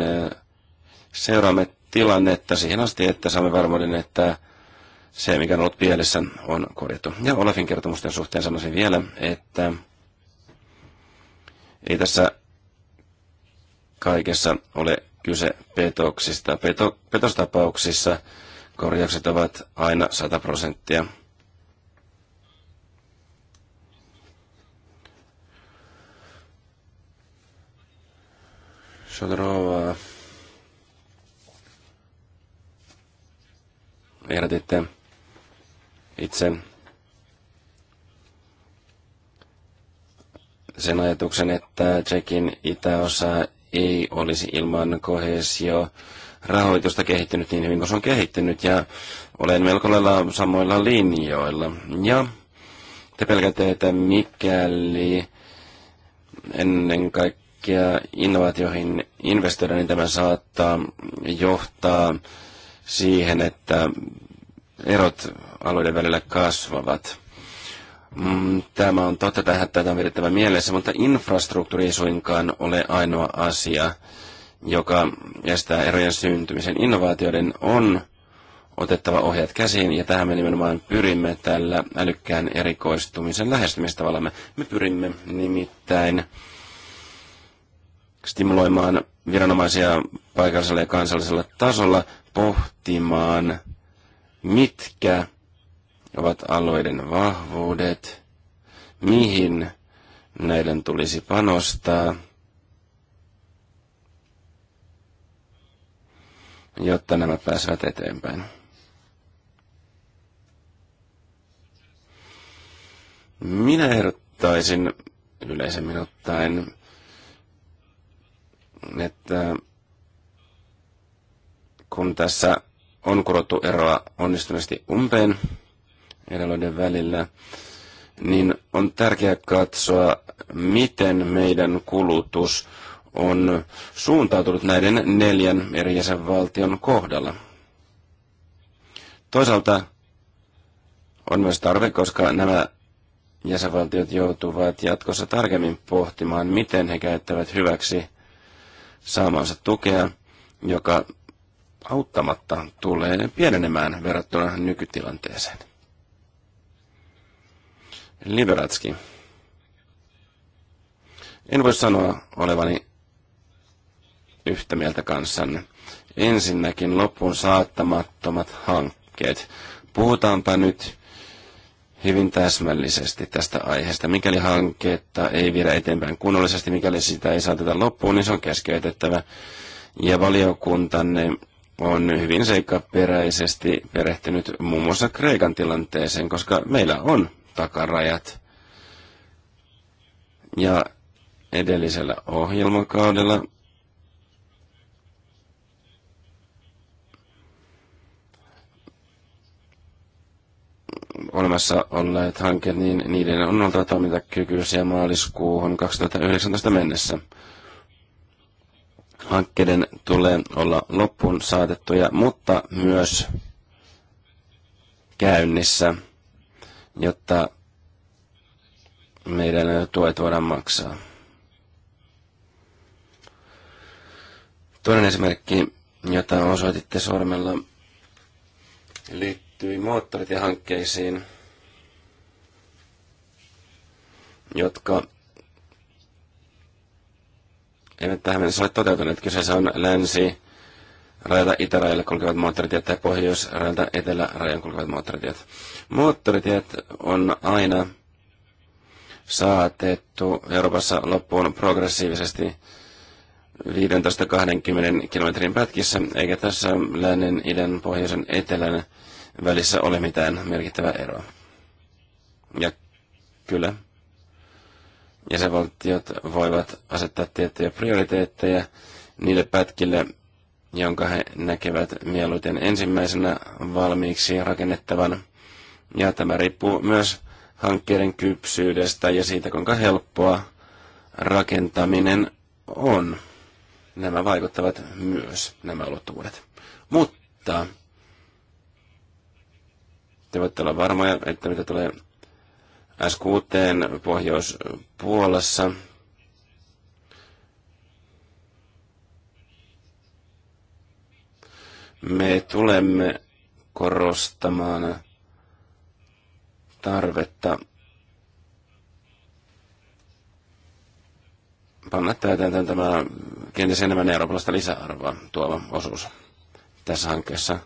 seuraamme tilannetta siihen asti, että saamme varmuuden, että se, mikä on ollut pielessä, on korjattu. Ja Olafin kertomusten suhteen sanoisin vielä, että ei tässä kaikessa ole kyse petoksista. Peto, petostapauksissa korjaukset ovat aina 100 prosenttia. Shodrova. Ehdotitte itse sen ajatuksen, että Tsekin itäosa ei olisi ilman kohesio rahoitusta kehittynyt niin hyvin kuin se on kehittynyt ja olen melko lailla samoilla linjoilla. Ja te pelkäätte, että mikäli ennen kaikkea innovaatioihin investoida, niin tämä saattaa johtaa siihen, että erot alueiden välillä kasvavat. Mm, tämä on totta, tähän tätä on pidettävä mielessä, mutta infrastruktuuri ei suinkaan ole ainoa asia, joka estää erojen syntymisen. Innovaatioiden on otettava ohjat käsiin, ja tähän me nimenomaan pyrimme tällä älykkään erikoistumisen lähestymistavallamme. Me pyrimme nimittäin stimuloimaan viranomaisia paikallisella ja kansallisella tasolla pohtimaan, mitkä ovat alueiden vahvuudet, mihin näiden tulisi panostaa, jotta nämä pääsevät eteenpäin. Minä ehdottaisin yleisemmin ottaen, että kun tässä on kurottu eroa onnistuneesti umpeen, eräloiden välillä, niin on tärkeää katsoa, miten meidän kulutus on suuntautunut näiden neljän eri jäsenvaltion kohdalla. Toisaalta on myös tarve, koska nämä jäsenvaltiot joutuvat jatkossa tarkemmin pohtimaan, miten he käyttävät hyväksi saamansa tukea, joka auttamatta tulee pienenemään verrattuna nykytilanteeseen. Liberatski. En voi sanoa olevani yhtä mieltä kanssanne. Ensinnäkin loppuun saattamattomat hankkeet. Puhutaanpa nyt hyvin täsmällisesti tästä aiheesta. Mikäli hanketta ei viedä eteenpäin kunnollisesti, mikäli sitä ei saateta loppuun, niin se on keskeytettävä. Ja valiokuntanne on hyvin seikkaperäisesti perehtynyt muun muassa Kreikan tilanteeseen, koska meillä on takarajat. Ja edellisellä ohjelmakaudella olemassa olleet hankkeet, niin niiden on oltava toimintakykyisiä maaliskuuhun 2019 mennessä. Hankkeiden tulee olla loppuun saatettuja, mutta myös käynnissä – jotta meidän tuet voidaan maksaa. Toinen esimerkki, jota osoititte sormella, ja hankkeisiin, jotka eivät tähän mennessä ole toteutuneet. Kyseessä on länsi rajalta itärajalle kulkevat moottoritiet tai pohjoisrajalta etelärajan kulkevat moottoritiet. Moottoritiet on aina saatettu Euroopassa loppuun progressiivisesti 15-20 kilometrin pätkissä, eikä tässä lännen, idän, pohjoisen, etelän välissä ole mitään merkittävää eroa. Ja kyllä, jäsenvaltiot voivat asettaa tiettyjä prioriteetteja niille pätkille, jonka he näkevät mieluiten ensimmäisenä valmiiksi rakennettavan. Ja tämä riippuu myös hankkeiden kypsyydestä ja siitä, kuinka helppoa rakentaminen on. Nämä vaikuttavat myös, nämä ulottuvuudet. Mutta te voitte olla varmoja, että mitä tulee S6 Pohjois-Puolassa, Me tulemme korostamaan tarvetta panna täytäntöön tämä kenties enemmän eurooppalaista lisäarvoa tuova osuus tässä hankkeessa.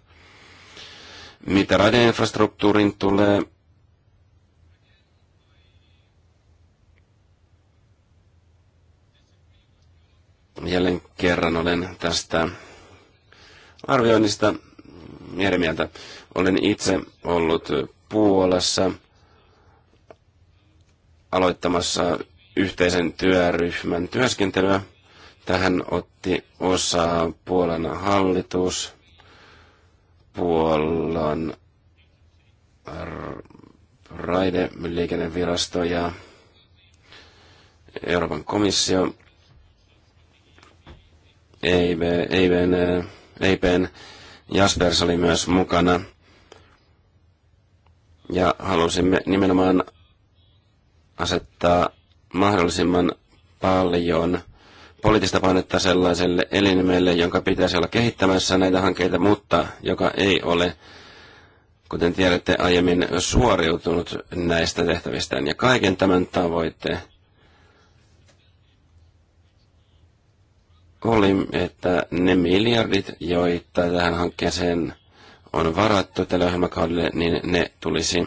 Mitä radioinfrastruktuurin tulee, jälleen kerran olen tästä arvioinnista eri mieltä. Olen itse ollut Puolassa aloittamassa yhteisen työryhmän työskentelyä. Tähän otti osaa Puolan hallitus, Puolan raideliikennevirasto ja Euroopan komissio, EIB, EIBn EIPn Jaspers oli myös mukana. Ja halusimme nimenomaan asettaa mahdollisimman paljon poliittista painetta sellaiselle elinimelle, jonka pitäisi olla kehittämässä näitä hankkeita, mutta joka ei ole, kuten tiedätte, aiemmin suoriutunut näistä tehtävistään. Ja kaiken tämän tavoitteen oli, että ne miljardit, joita tähän hankkeeseen on varattu tälle ohjelmakaudelle, niin ne tulisi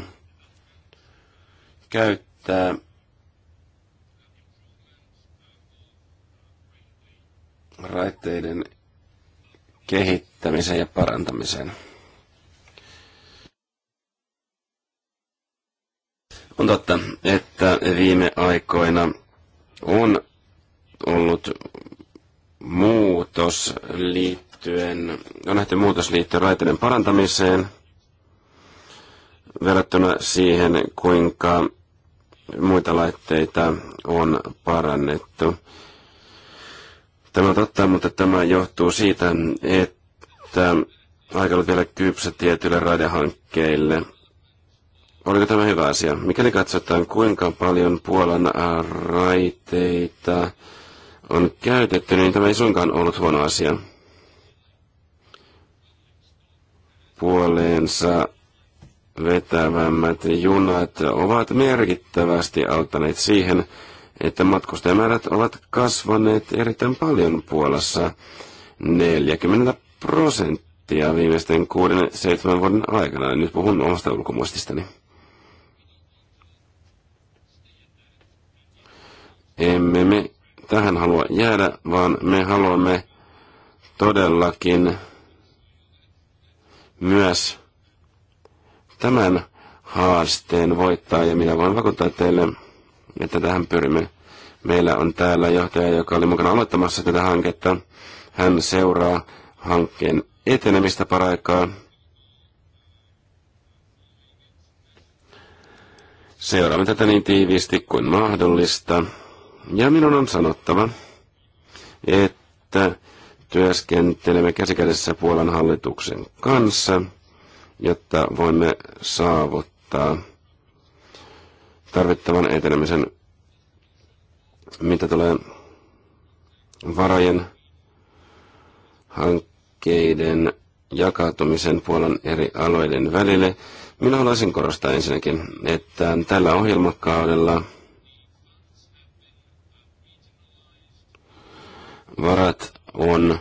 käyttää raiteiden kehittämiseen ja parantamiseen. On totta, että viime aikoina on ollut muutos liittyen, on nähty muutos liittyen raiteiden parantamiseen verrattuna siihen, kuinka muita laitteita on parannettu. Tämä on totta, mutta tämä johtuu siitä, että aika oli vielä kypsä tietyille raidehankkeille. Oliko tämä hyvä asia? Mikäli katsotaan, kuinka paljon Puolan raiteita on käytetty, niin tämä ei suinkaan ollut huono asia. Puoleensa vetävämmät junat ovat merkittävästi auttaneet siihen, että matkustajamäärät ovat kasvaneet erittäin paljon Puolassa 40 prosenttia viimeisten kuuden seitsemän vuoden aikana. Nyt puhun omasta ulkomuististani. Emme me tähän halua jäädä, vaan me haluamme todellakin myös tämän haasteen voittaa, ja minä voin vakuuttaa teille, että tähän pyrimme. Meillä on täällä johtaja, joka oli mukana aloittamassa tätä hanketta. Hän seuraa hankkeen etenemistä paraikaa. Seuraamme tätä niin tiiviisti kuin mahdollista. Ja minun on sanottava, että työskentelemme käsikädessä Puolan hallituksen kanssa, jotta voimme saavuttaa tarvittavan etenemisen, mitä tulee varojen hankkeiden jakautumisen Puolan eri alueiden välille. Minä haluaisin korostaa ensinnäkin, että tällä ohjelmakaudella – varat on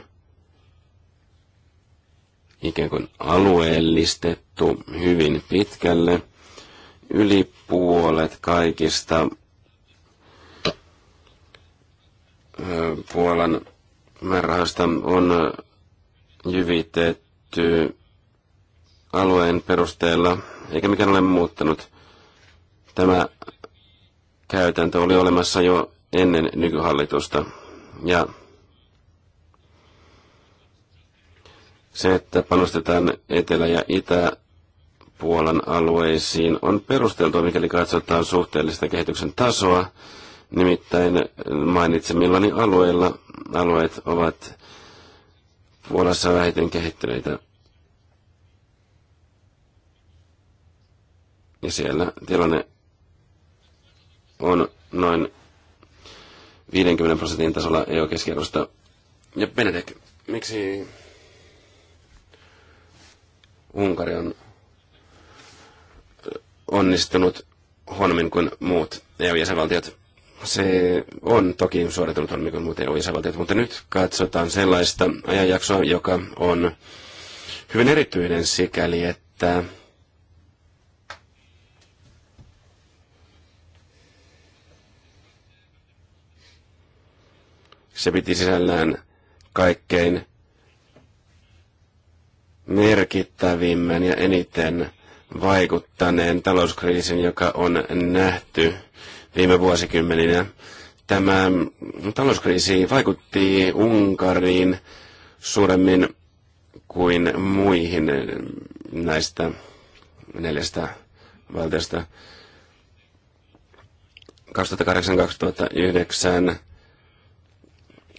ikään kuin alueellistettu hyvin pitkälle. Yli puolet kaikista Puolan määrärahasta on jyvitetty alueen perusteella, eikä mikään ole muuttanut. Tämä käytäntö oli olemassa jo ennen nykyhallitusta. Ja Se, että panostetaan Etelä- ja Itä-Puolan alueisiin, on perusteltua, mikäli katsotaan suhteellista kehityksen tasoa. Nimittäin mainitsemillani alueilla alueet ovat Puolassa vähiten kehittyneitä. Ja siellä tilanne on noin 50 prosentin tasolla EU-keskiarvosta. Ja Benedek, miksi Unkari on onnistunut huonommin kuin muut EU-jäsenvaltiot. Se on toki suoritellut huonommin kuin muut EU-jäsenvaltiot, mutta nyt katsotaan sellaista ajanjaksoa, joka on hyvin erityinen sikäli, että se piti sisällään kaikkein merkittävimmän ja eniten vaikuttaneen talouskriisin, joka on nähty viime vuosikymmeninä. Tämä talouskriisi vaikutti Unkariin suuremmin kuin muihin näistä neljästä valtiosta. 2008-2009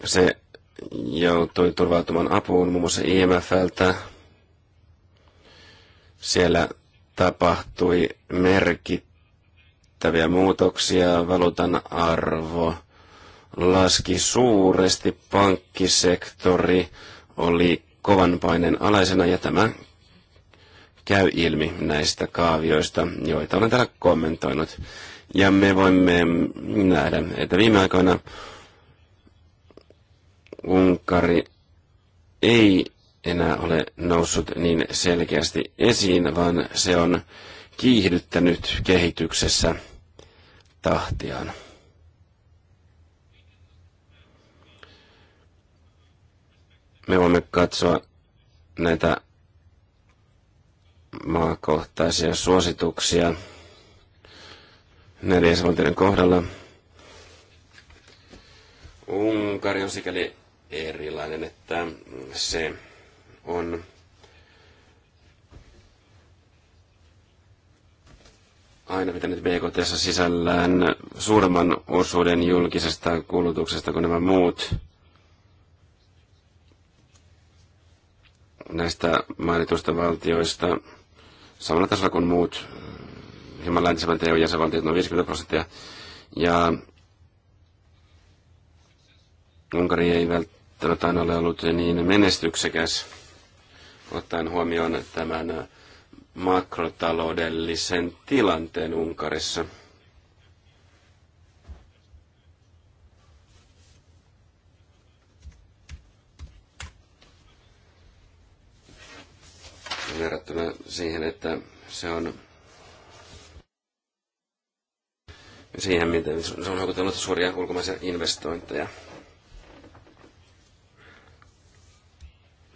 se joutui turvautumaan apuun muun muassa IMFltä, siellä tapahtui merkittäviä muutoksia, valuutan arvo laski suuresti, pankkisektori oli kovan paineen alaisena ja tämä käy ilmi näistä kaavioista, joita olen täällä kommentoinut. Ja me voimme nähdä, että viime aikoina Unkari ei enää ole noussut niin selkeästi esiin, vaan se on kiihdyttänyt kehityksessä tahtiaan. Me voimme katsoa näitä maakohtaisia suosituksia neljäsvaltioiden kohdalla. Unkari on sikäli erilainen, että se on aina pitänyt BKT sisällään suuremman osuuden julkisesta kulutuksesta kuin nämä muut näistä mainituista valtioista samalla tasolla kuin muut hieman läntisemmät EU-jäsenvaltiot, noin 50 prosenttia. Ja Unkari ei välttämättä aina ole ollut niin menestyksekäs ottaen huomioon tämän makrotaloudellisen tilanteen Unkarissa. Verrattuna siihen, että se on siihen, miten se on houkutellut suuria ulkomaisia investointeja.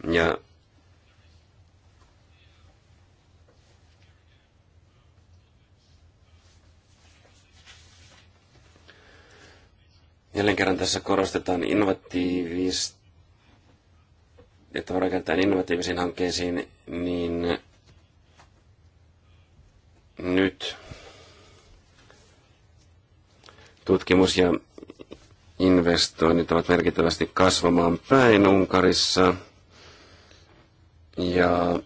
Ja Jälleen kerran tässä korostetaan innovatiivista, että voidaan käyttää innovatiivisiin hankkeisiin, niin nyt tutkimus ja investoinnit ovat merkittävästi kasvamaan päin Unkarissa. Ja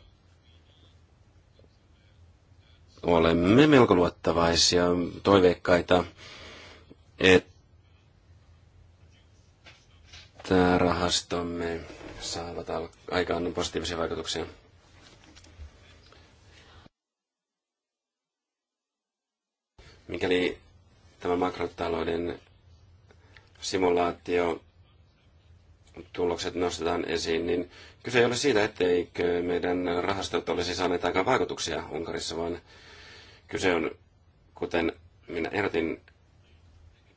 olemme melko luottavaisia, toiveikkaita, että että rahastomme saavat aikaan positiivisia vaikutuksia. Mikäli tämä makrotalouden simulaatio tulokset nostetaan esiin, niin kyse ei ole siitä, etteikö meidän rahastot olisi saaneet aikaan vaikutuksia Unkarissa, vaan kyse on, kuten minä ehdotin,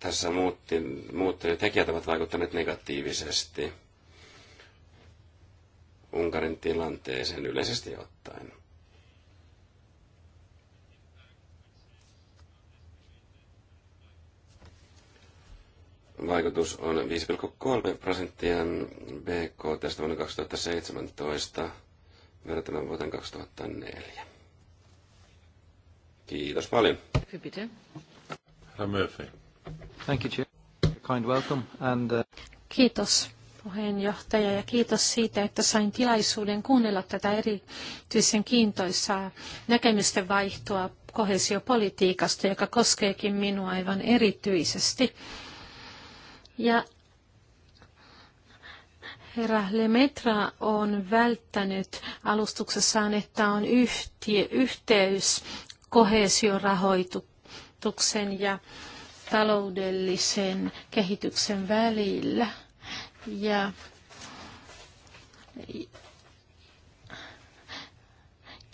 tässä muutti, muuttuneet tekijät ovat vaikuttaneet negatiivisesti Unkarin tilanteeseen yleisesti ottaen. Vaikutus on 5,3 prosenttia BKT vuonna 2017 verrattuna vuoteen 2004. Kiitos paljon. Herra Murphy. Thank you, Chair. Kind welcome and, uh... Kiitos puheenjohtaja ja kiitos siitä, että sain tilaisuuden kuunnella tätä erityisen kiintoisaa näkemysten vaihtoa kohesiopolitiikasta, joka koskeekin minua aivan erityisesti. Ja herra Lemetra on välttänyt alustuksessaan, että on yhtiö, yhteys kohesiorahoituksen ja taloudellisen kehityksen välillä. Ja,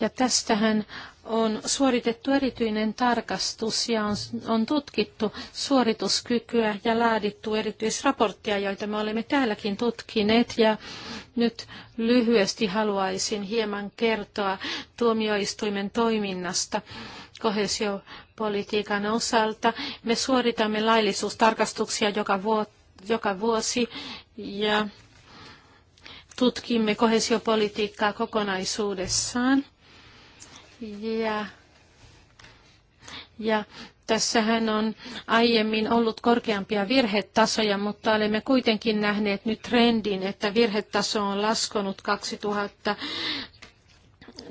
ja tästähän on suoritettu erityinen tarkastus ja on, on tutkittu suorituskykyä ja laadittu erityisraporttia, joita me olemme täälläkin tutkineet. Ja nyt lyhyesti haluaisin hieman kertoa tuomioistuimen toiminnasta kohesio politiikan osalta. Me suoritamme laillisuustarkastuksia joka, vuot, joka vuosi ja tutkimme kohesiopolitiikkaa kokonaisuudessaan. Ja, ja tässähän on aiemmin ollut korkeampia virhetasoja, mutta olemme kuitenkin nähneet nyt trendin, että virhetaso on laskenut 2000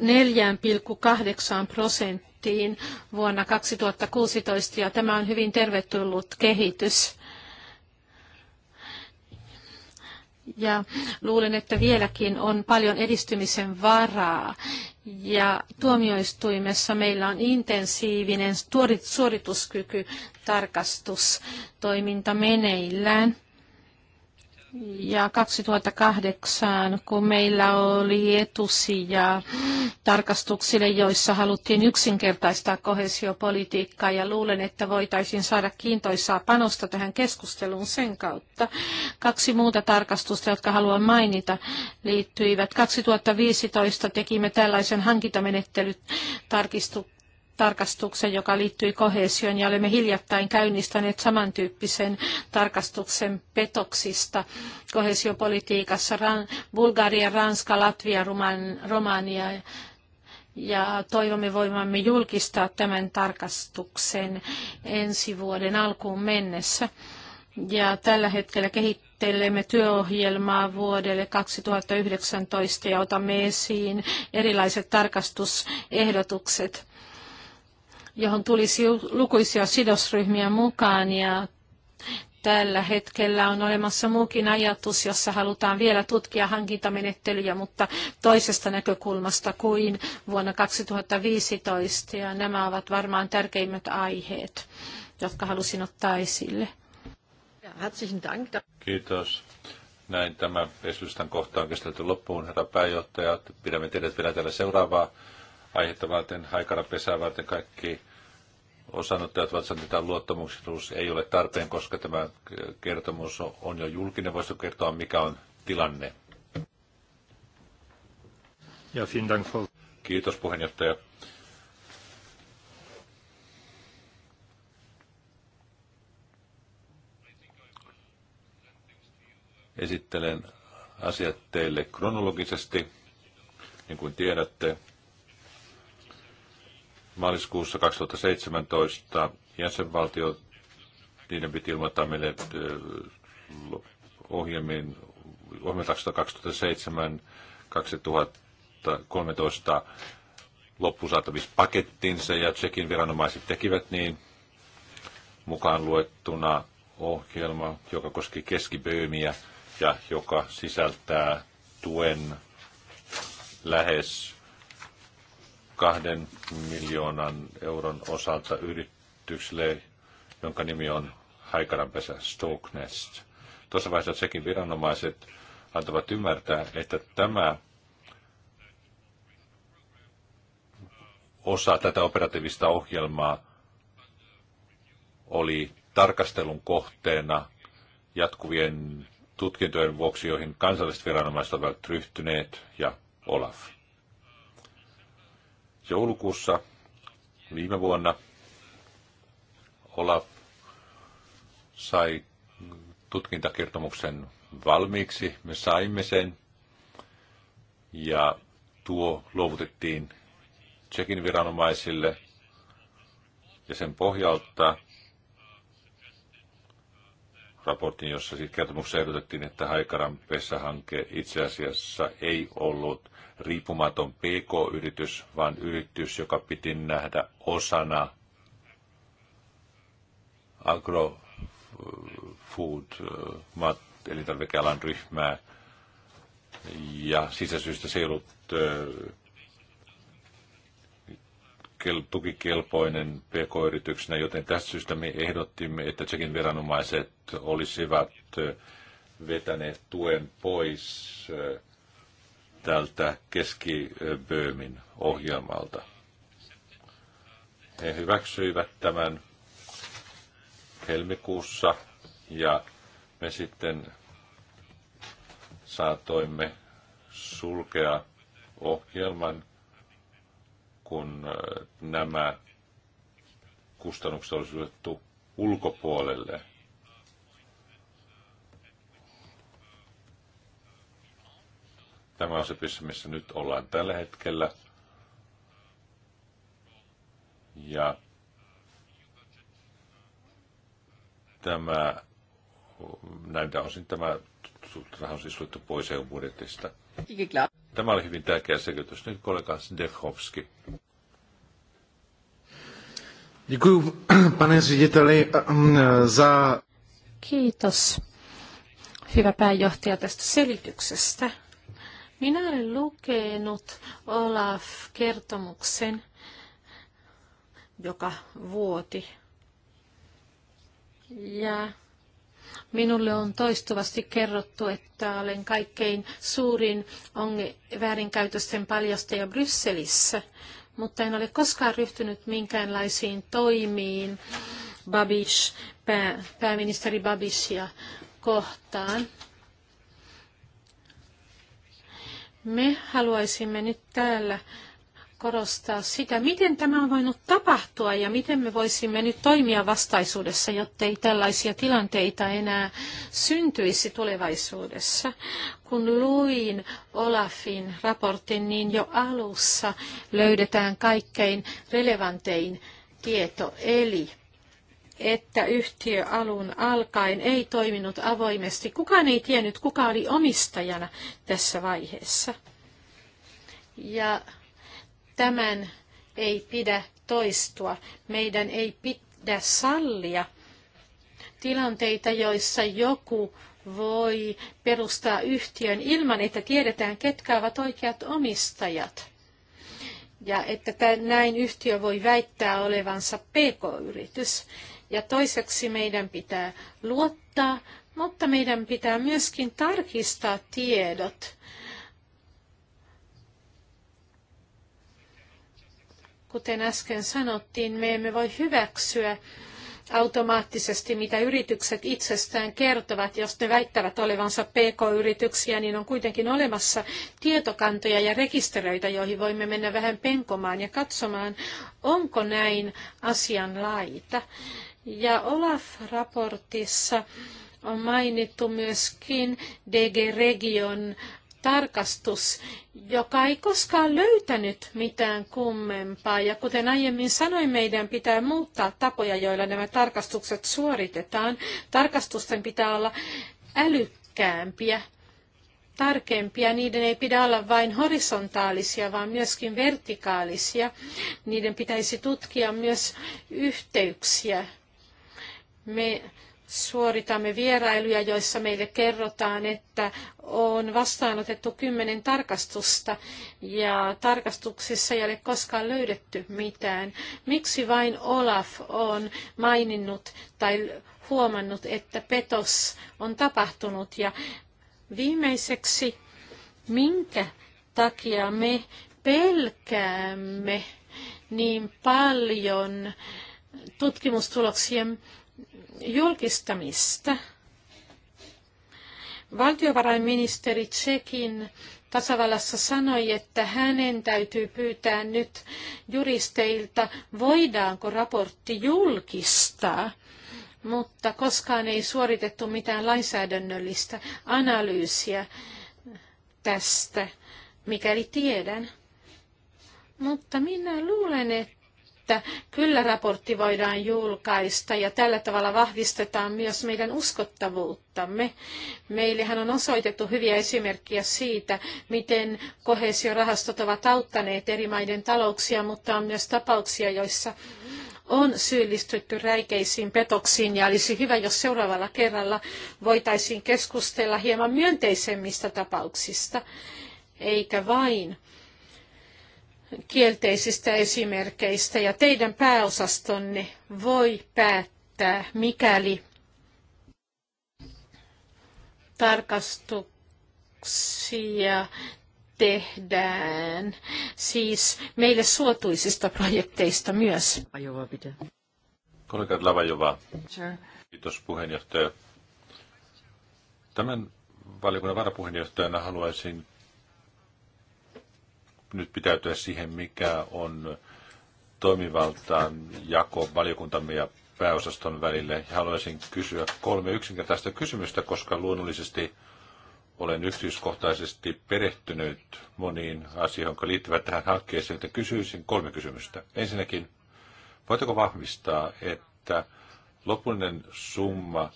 4,8 prosenttiin vuonna 2016 ja tämä on hyvin tervetullut kehitys. Ja luulen, että vieläkin on paljon edistymisen varaa. Ja tuomioistuimessa meillä on intensiivinen suorituskyky tarkastustoiminta meneillään ja 2008, kun meillä oli etusija tarkastuksille, joissa haluttiin yksinkertaistaa kohesiopolitiikkaa ja luulen, että voitaisiin saada kiintoisaa panosta tähän keskusteluun sen kautta. Kaksi muuta tarkastusta, jotka haluan mainita, liittyivät. 2015 tekimme tällaisen hankintamenettelytarkistuksen tarkastuksen, joka liittyi kohesioon, ja olemme hiljattain käynnistäneet samantyyppisen tarkastuksen petoksista kohesiopolitiikassa Bulgaria, Ranska, Latvia, Romania ja toivomme voimamme julkistaa tämän tarkastuksen ensi vuoden alkuun mennessä. Ja tällä hetkellä kehittelemme työohjelmaa vuodelle 2019 ja otamme esiin erilaiset tarkastusehdotukset johon tulisi lukuisia sidosryhmiä mukaan ja tällä hetkellä on olemassa muukin ajatus, jossa halutaan vielä tutkia hankintamenettelyjä, mutta toisesta näkökulmasta kuin vuonna 2015. Ja nämä ovat varmaan tärkeimmät aiheet, jotka halusin ottaa esille. Kiitos. Näin tämä esitystän kohta on käsitelty loppuun, herra pääjohtaja. Pidämme teidät vielä täällä seuraavaa aihetta varten, haikarapesää varten kaikki osanottajat ovat sanoneet, että luottamuksellisuus ei ole tarpeen, koska tämä kertomus on jo julkinen. Voisitko kertoa, mikä on tilanne? Ja, dank, Kiitos puheenjohtaja. Esittelen asiat teille kronologisesti. Niin kuin tiedätte, maaliskuussa 2017 jäsenvaltio niiden piti ilmoittaa meille ohjelmiin, ohjelmataksota 2007 2013 loppusaatavispakettinsa ja Tsekin viranomaiset tekivät niin mukaan luettuna ohjelma, joka koski keskiböömiä ja joka sisältää tuen lähes kahden miljoonan euron osalta yritykselle, jonka nimi on haikaranpesä Stoknest. Tuossa vaiheessa sekin viranomaiset antavat ymmärtää, että tämä osa tätä operatiivista ohjelmaa oli tarkastelun kohteena jatkuvien tutkintojen vuoksi, joihin kansalliset viranomaiset ovat ryhtyneet ja Olaf joulukuussa viime vuonna Olaf sai tutkintakertomuksen valmiiksi. Me saimme sen ja tuo luovutettiin Tsekin viranomaisille ja sen pohjalta raportin, jossa siis kertomuksessa ehdotettiin, että Haikaran pessähanke itse asiassa ei ollut riippumaton PK-yritys, vaan yritys, joka piti nähdä osana agrofood, elintarvikealan ryhmää, ja sisäsyistä se ei ollut tukikelpoinen pk-yrityksenä, joten tästä syystä me ehdottimme, että Tsekin viranomaiset olisivat vetäneet tuen pois tältä Keski-Böömin ohjelmalta. He hyväksyivät tämän helmikuussa ja me sitten saatoimme sulkea ohjelman kun äh, nämä kustannukset olisi otettu ulkopuolelle. Tämä on se piste, missä nyt ollaan tällä hetkellä. Ja tämä, näiltä osin tämä raha on siis luettu pois EU-budjetista. Tämä oli hyvin tärkeä selitys. Nyt kollega Zdechovski. Kiitos, hyvä pääjohtaja, tästä selityksestä. Minä olen lukenut Olaf-kertomuksen, joka vuoti. Ja Minulle on toistuvasti kerrottu, että olen kaikkein suurin väärinkäytösten paljastaja Brysselissä, mutta en ole koskaan ryhtynyt minkäänlaisiin toimiin Babish, pää, pääministeri Babishia kohtaan. Me haluaisimme nyt täällä korostaa sitä, miten tämä on voinut tapahtua ja miten me voisimme nyt toimia vastaisuudessa, ei tällaisia tilanteita enää syntyisi tulevaisuudessa. Kun luin Olafin raportin, niin jo alussa löydetään kaikkein relevantein tieto, eli että yhtiö alun alkaen ei toiminut avoimesti. Kukaan ei tiennyt, kuka oli omistajana tässä vaiheessa. Ja Tämän ei pidä toistua. Meidän ei pidä sallia tilanteita, joissa joku voi perustaa yhtiön ilman, että tiedetään, ketkä ovat oikeat omistajat. Ja että näin yhtiö voi väittää olevansa pk-yritys. Ja toiseksi meidän pitää luottaa, mutta meidän pitää myöskin tarkistaa tiedot Kuten äsken sanottiin, me emme voi hyväksyä automaattisesti, mitä yritykset itsestään kertovat. Jos ne väittävät olevansa PK-yrityksiä, niin on kuitenkin olemassa tietokantoja ja rekisteröitä, joihin voimme mennä vähän penkomaan ja katsomaan, onko näin asian laita. Ja Olaf-raportissa on mainittu myöskin DG Region tarkastus, joka ei koskaan löytänyt mitään kummempaa. Ja kuten aiemmin sanoin, meidän pitää muuttaa tapoja, joilla nämä tarkastukset suoritetaan. Tarkastusten pitää olla älykkäämpiä, tarkempia. Niiden ei pidä olla vain horisontaalisia, vaan myöskin vertikaalisia. Niiden pitäisi tutkia myös yhteyksiä. Me suoritamme vierailuja, joissa meille kerrotaan, että on vastaanotettu kymmenen tarkastusta ja tarkastuksissa ei ole koskaan löydetty mitään. Miksi vain Olaf on maininnut tai huomannut, että petos on tapahtunut ja viimeiseksi, minkä takia me pelkäämme niin paljon tutkimustuloksien julkistamista. Valtiovarainministeri Tsekin tasavallassa sanoi, että hänen täytyy pyytää nyt juristeilta, voidaanko raportti julkistaa, mutta koskaan ei suoritettu mitään lainsäädännöllistä analyysiä tästä, mikäli tiedän. Mutta minä luulen, että että kyllä raportti voidaan julkaista ja tällä tavalla vahvistetaan myös meidän uskottavuuttamme. Meillähän on osoitettu hyviä esimerkkejä siitä, miten kohesiorahastot ovat auttaneet eri maiden talouksia, mutta on myös tapauksia, joissa on syyllistytty räikeisiin petoksiin ja olisi hyvä, jos seuraavalla kerralla voitaisiin keskustella hieman myönteisemmistä tapauksista, eikä vain kielteisistä esimerkkeistä ja teidän pääosastonne voi päättää, mikäli tarkastuksia tehdään siis meille suotuisista projekteista myös. Ajova, pitä. Kollega Lavajova. Kiitos puheenjohtaja. Tämän valiokunnan varapuheenjohtajana haluaisin nyt pitäytyä siihen, mikä on toimivaltaan jako valiokuntamme ja pääosaston välille. Haluaisin kysyä kolme yksinkertaista kysymystä, koska luonnollisesti olen yksityiskohtaisesti perehtynyt moniin asioihin, jotka liittyvät tähän hankkeeseen, joten kysyisin kolme kysymystä. Ensinnäkin, voitteko vahvistaa, että lopullinen summa,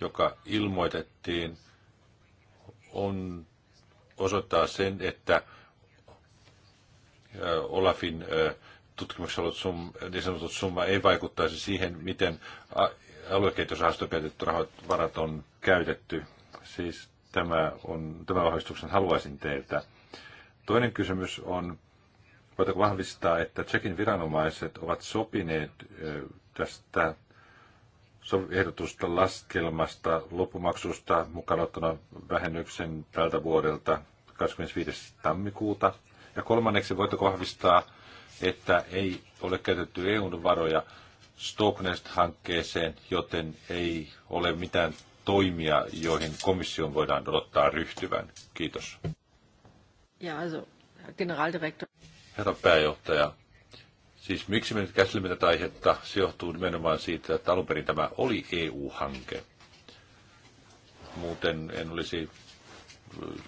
joka ilmoitettiin, on osoittaa sen, että Olafin tutkimuksessa ollut summa, niin sanotut summa ei vaikuttaisi siihen, miten aluekehitysrahastoon käytetty rahat, varat on käytetty. Siis tämä on, tämä vahvistuksen haluaisin teiltä. Toinen kysymys on, voitako vahvistaa, että Tsekin viranomaiset ovat sopineet tästä ehdotusta laskelmasta loppumaksusta mukaan ottana vähennyksen tältä vuodelta 25. tammikuuta – ja kolmanneksi, voitteko vahvistaa, että ei ole käytetty EUn varoja Stoknest-hankkeeseen, joten ei ole mitään toimia, joihin komission voidaan odottaa ryhtyvän. Kiitos. Ja, also, generaldirektor. Herra pääjohtaja, siis miksi me nyt käsittelemme tätä aihetta, se johtuu nimenomaan siitä, että alun perin tämä oli EU-hanke. Muuten en olisi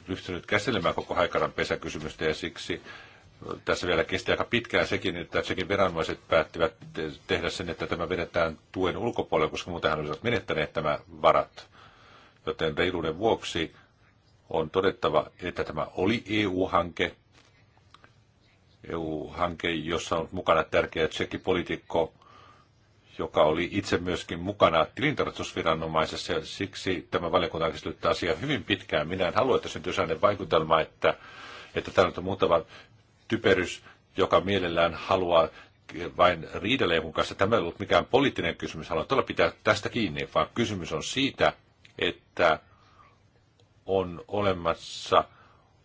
ryhtynyt käsittelemään koko Haikaran pesäkysymystä ja siksi tässä vielä kesti aika pitkään sekin, että sekin viranomaiset päättivät tehdä sen, että tämä vedetään tuen ulkopuolelle, koska muutenhan olisivat menettäneet tämä varat. Joten reiluuden vuoksi on todettava, että tämä oli EU-hanke, EU-hanke, jossa on mukana tärkeä politiikko joka oli itse myöskin mukana tilintarkastusviranomaisessa, ja siksi tämä valiokunta on käsitellyt asiaa hyvin pitkään. Minä en halua, että syntyy sellainen vaikutelma, että, että täällä on muutama typerys, joka mielellään haluaa vain riidellä jonkun kanssa. Tämä ei ollut mikään poliittinen kysymys, haluan todella pitää tästä kiinni, vaan kysymys on siitä, että on olemassa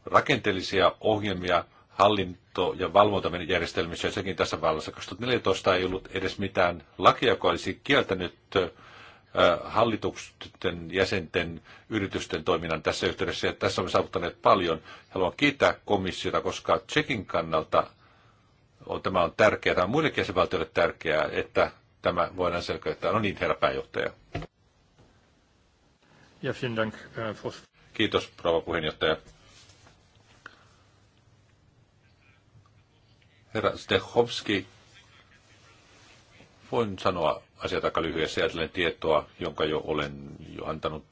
rakenteellisia ohjelmia, hallinto- ja valvontajärjestelmissä, ja sekin tässä vallassa 2014 ei ollut edes mitään lakia, joka olisi kieltänyt hallituksen jäsenten yritysten toiminnan tässä yhteydessä, ja tässä olemme saavuttaneet paljon. Haluan kiittää komissiota, koska Tsekin kannalta on, tämä on tärkeää, tämä on muillekin jäsenvaltioille tärkeää, että tämä voidaan selkeyttää. No niin, herra pääjohtaja. Ja, dank, äh, Kiitos, rouva puheenjohtaja. Herra Stechowski, voin sanoa asiat aika lyhyesti ajatellen tietoa, jonka jo olen jo antanut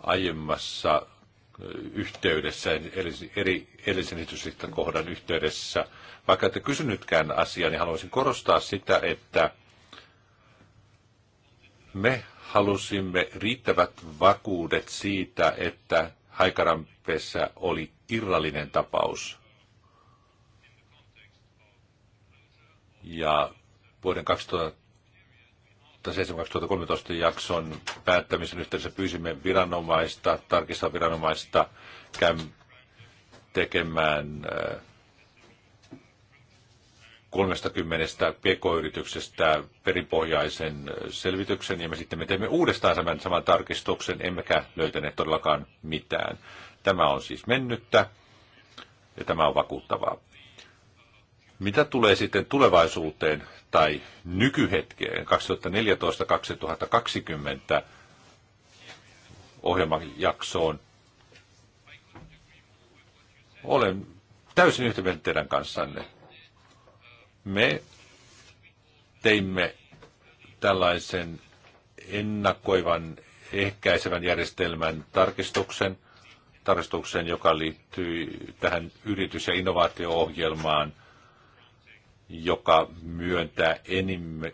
aiemmassa yhteydessä, eri edellisen kohdan yhteydessä. Vaikka ette kysynytkään asiaa, niin haluaisin korostaa sitä, että me halusimme riittävät vakuudet siitä, että Haikaranpessä oli irrallinen tapaus. ja vuoden 2007-2013 jakson päättämisen yhteydessä pyysimme viranomaista, tarkista viranomaista käyn tekemään 30 äh, pk-yrityksestä perinpohjaisen äh, selvityksen, ja me sitten me teemme uudestaan saman, saman tarkistuksen, emmekä löytäneet todellakaan mitään. Tämä on siis mennyttä, ja tämä on vakuuttavaa. Mitä tulee sitten tulevaisuuteen tai nykyhetkeen 2014-2020 ohjelmajaksoon, olen täysin yhtä mieltä teidän kanssanne. Me teimme tällaisen ennakoivan ehkäisevän järjestelmän tarkistuksen, tarkistuksen joka liittyy tähän yritys- ja innovaatio-ohjelmaan – joka myöntää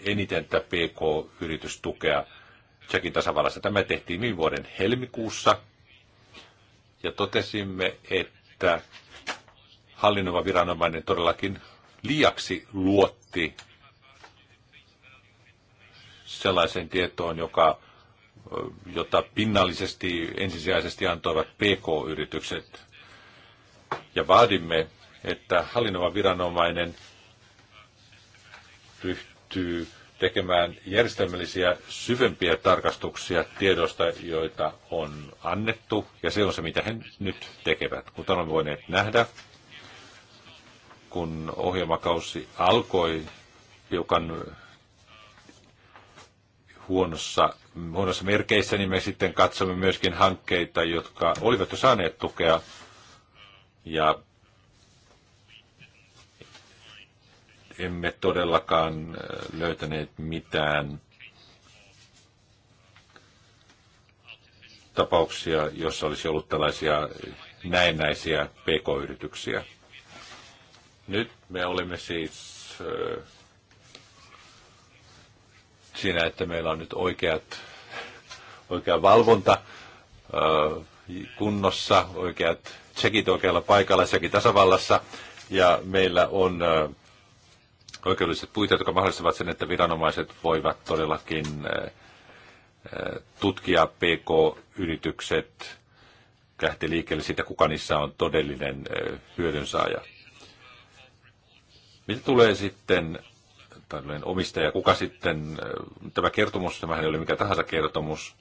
eniten tätä PK-yritystukea Tsekin tasavallassa. Tämä tehtiin viime vuoden helmikuussa ja totesimme, että hallinnoiva viranomainen todellakin liiaksi luotti sellaiseen tietoon, joka, jota pinnallisesti ensisijaisesti antoivat PK-yritykset. Ja vaadimme, että hallinnoiva viranomainen – ryhtyy tekemään järjestelmällisiä syvempiä tarkastuksia tiedosta, joita on annettu, ja se on se, mitä he nyt tekevät. Kuten olemme voineet nähdä, kun ohjelmakausi alkoi hiukan huonossa, huonossa merkeissä, niin me sitten katsomme myöskin hankkeita, jotka olivat jo saaneet tukea, ja emme todellakaan äh, löytäneet mitään tapauksia, jossa olisi ollut tällaisia näennäisiä pk-yrityksiä. Nyt me olemme siis äh, siinä, että meillä on nyt oikeat, oikea valvonta äh, kunnossa, oikeat tsekit oikealla paikalla sekin tasavallassa, ja meillä on oikeudelliset puitteet, jotka mahdollistavat sen, että viranomaiset voivat todellakin eh, eh, tutkia PK-yritykset, lähteä liikkeelle siitä, kuka niissä on todellinen eh, hyödynsaaja. Mitä tulee sitten tällainen omistaja, kuka sitten, tämä kertomus, tämä ei ole mikä tahansa kertomus,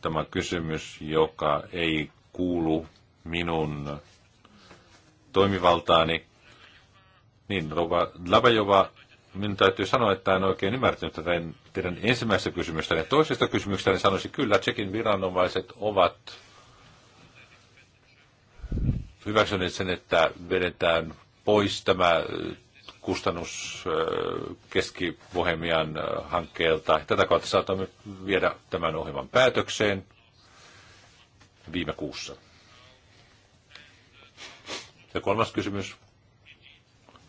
tämä kysymys, joka ei kuulu minun toimivaltaani. Niin, Rova Labajova, minun täytyy sanoa, että en oikein ymmärtänyt tätä teidän ensimmäistä kysymystä. Ja toisesta kysymyksestä niin sanoisin, kyllä, Tsekin viranomaiset ovat hyväksyneet sen, että vedetään pois tämä äh, kustannus äh, keski äh, hankkeelta. Tätä kautta saatamme viedä tämän ohjelman päätökseen viime kuussa. Ja kolmas kysymys.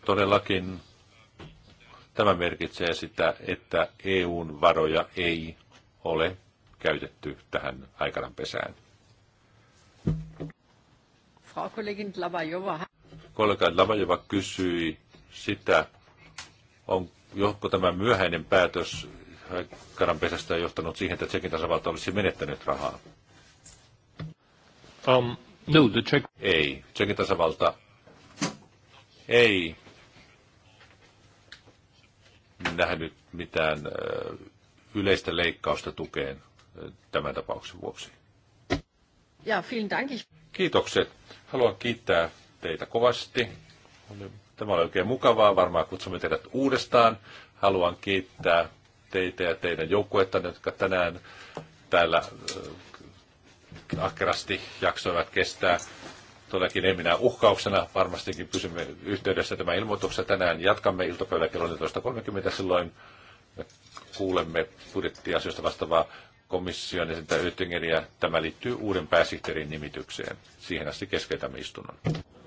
Todellakin tämä merkitsee sitä, että EUn varoja ei ole käytetty tähän aikanaan pesään. Labajova. Kollega Lavajova kysyi sitä, on, johko tämä myöhäinen päätös karanpesästä johtanut siihen, että Tsekin tasavalta olisi menettänyt rahaa. Um, no, the Czech... Ei. Czechin tasavalta. Ei nähnyt mitään yleistä leikkausta tukeen tämän tapauksen vuoksi. Ja, vielen dank. Kiitokset. Haluan kiittää teitä kovasti. Tämä oli oikein mukavaa. Varmaan kutsumme teidät uudestaan. Haluan kiittää teitä ja teidän joukkuettanne, jotka tänään täällä ahkerasti jaksoivat kestää. Todellakin ei minä uhkauksena, varmastikin pysymme yhteydessä tämä ilmoituksessa. Tänään jatkamme iltapäivällä kello 14.30 silloin. Me kuulemme budjettiasioista vastaavaa komission esittää Yttingeriä. Tämä liittyy uuden pääsihteerin nimitykseen. Siihen asti keskeytämme istunnon.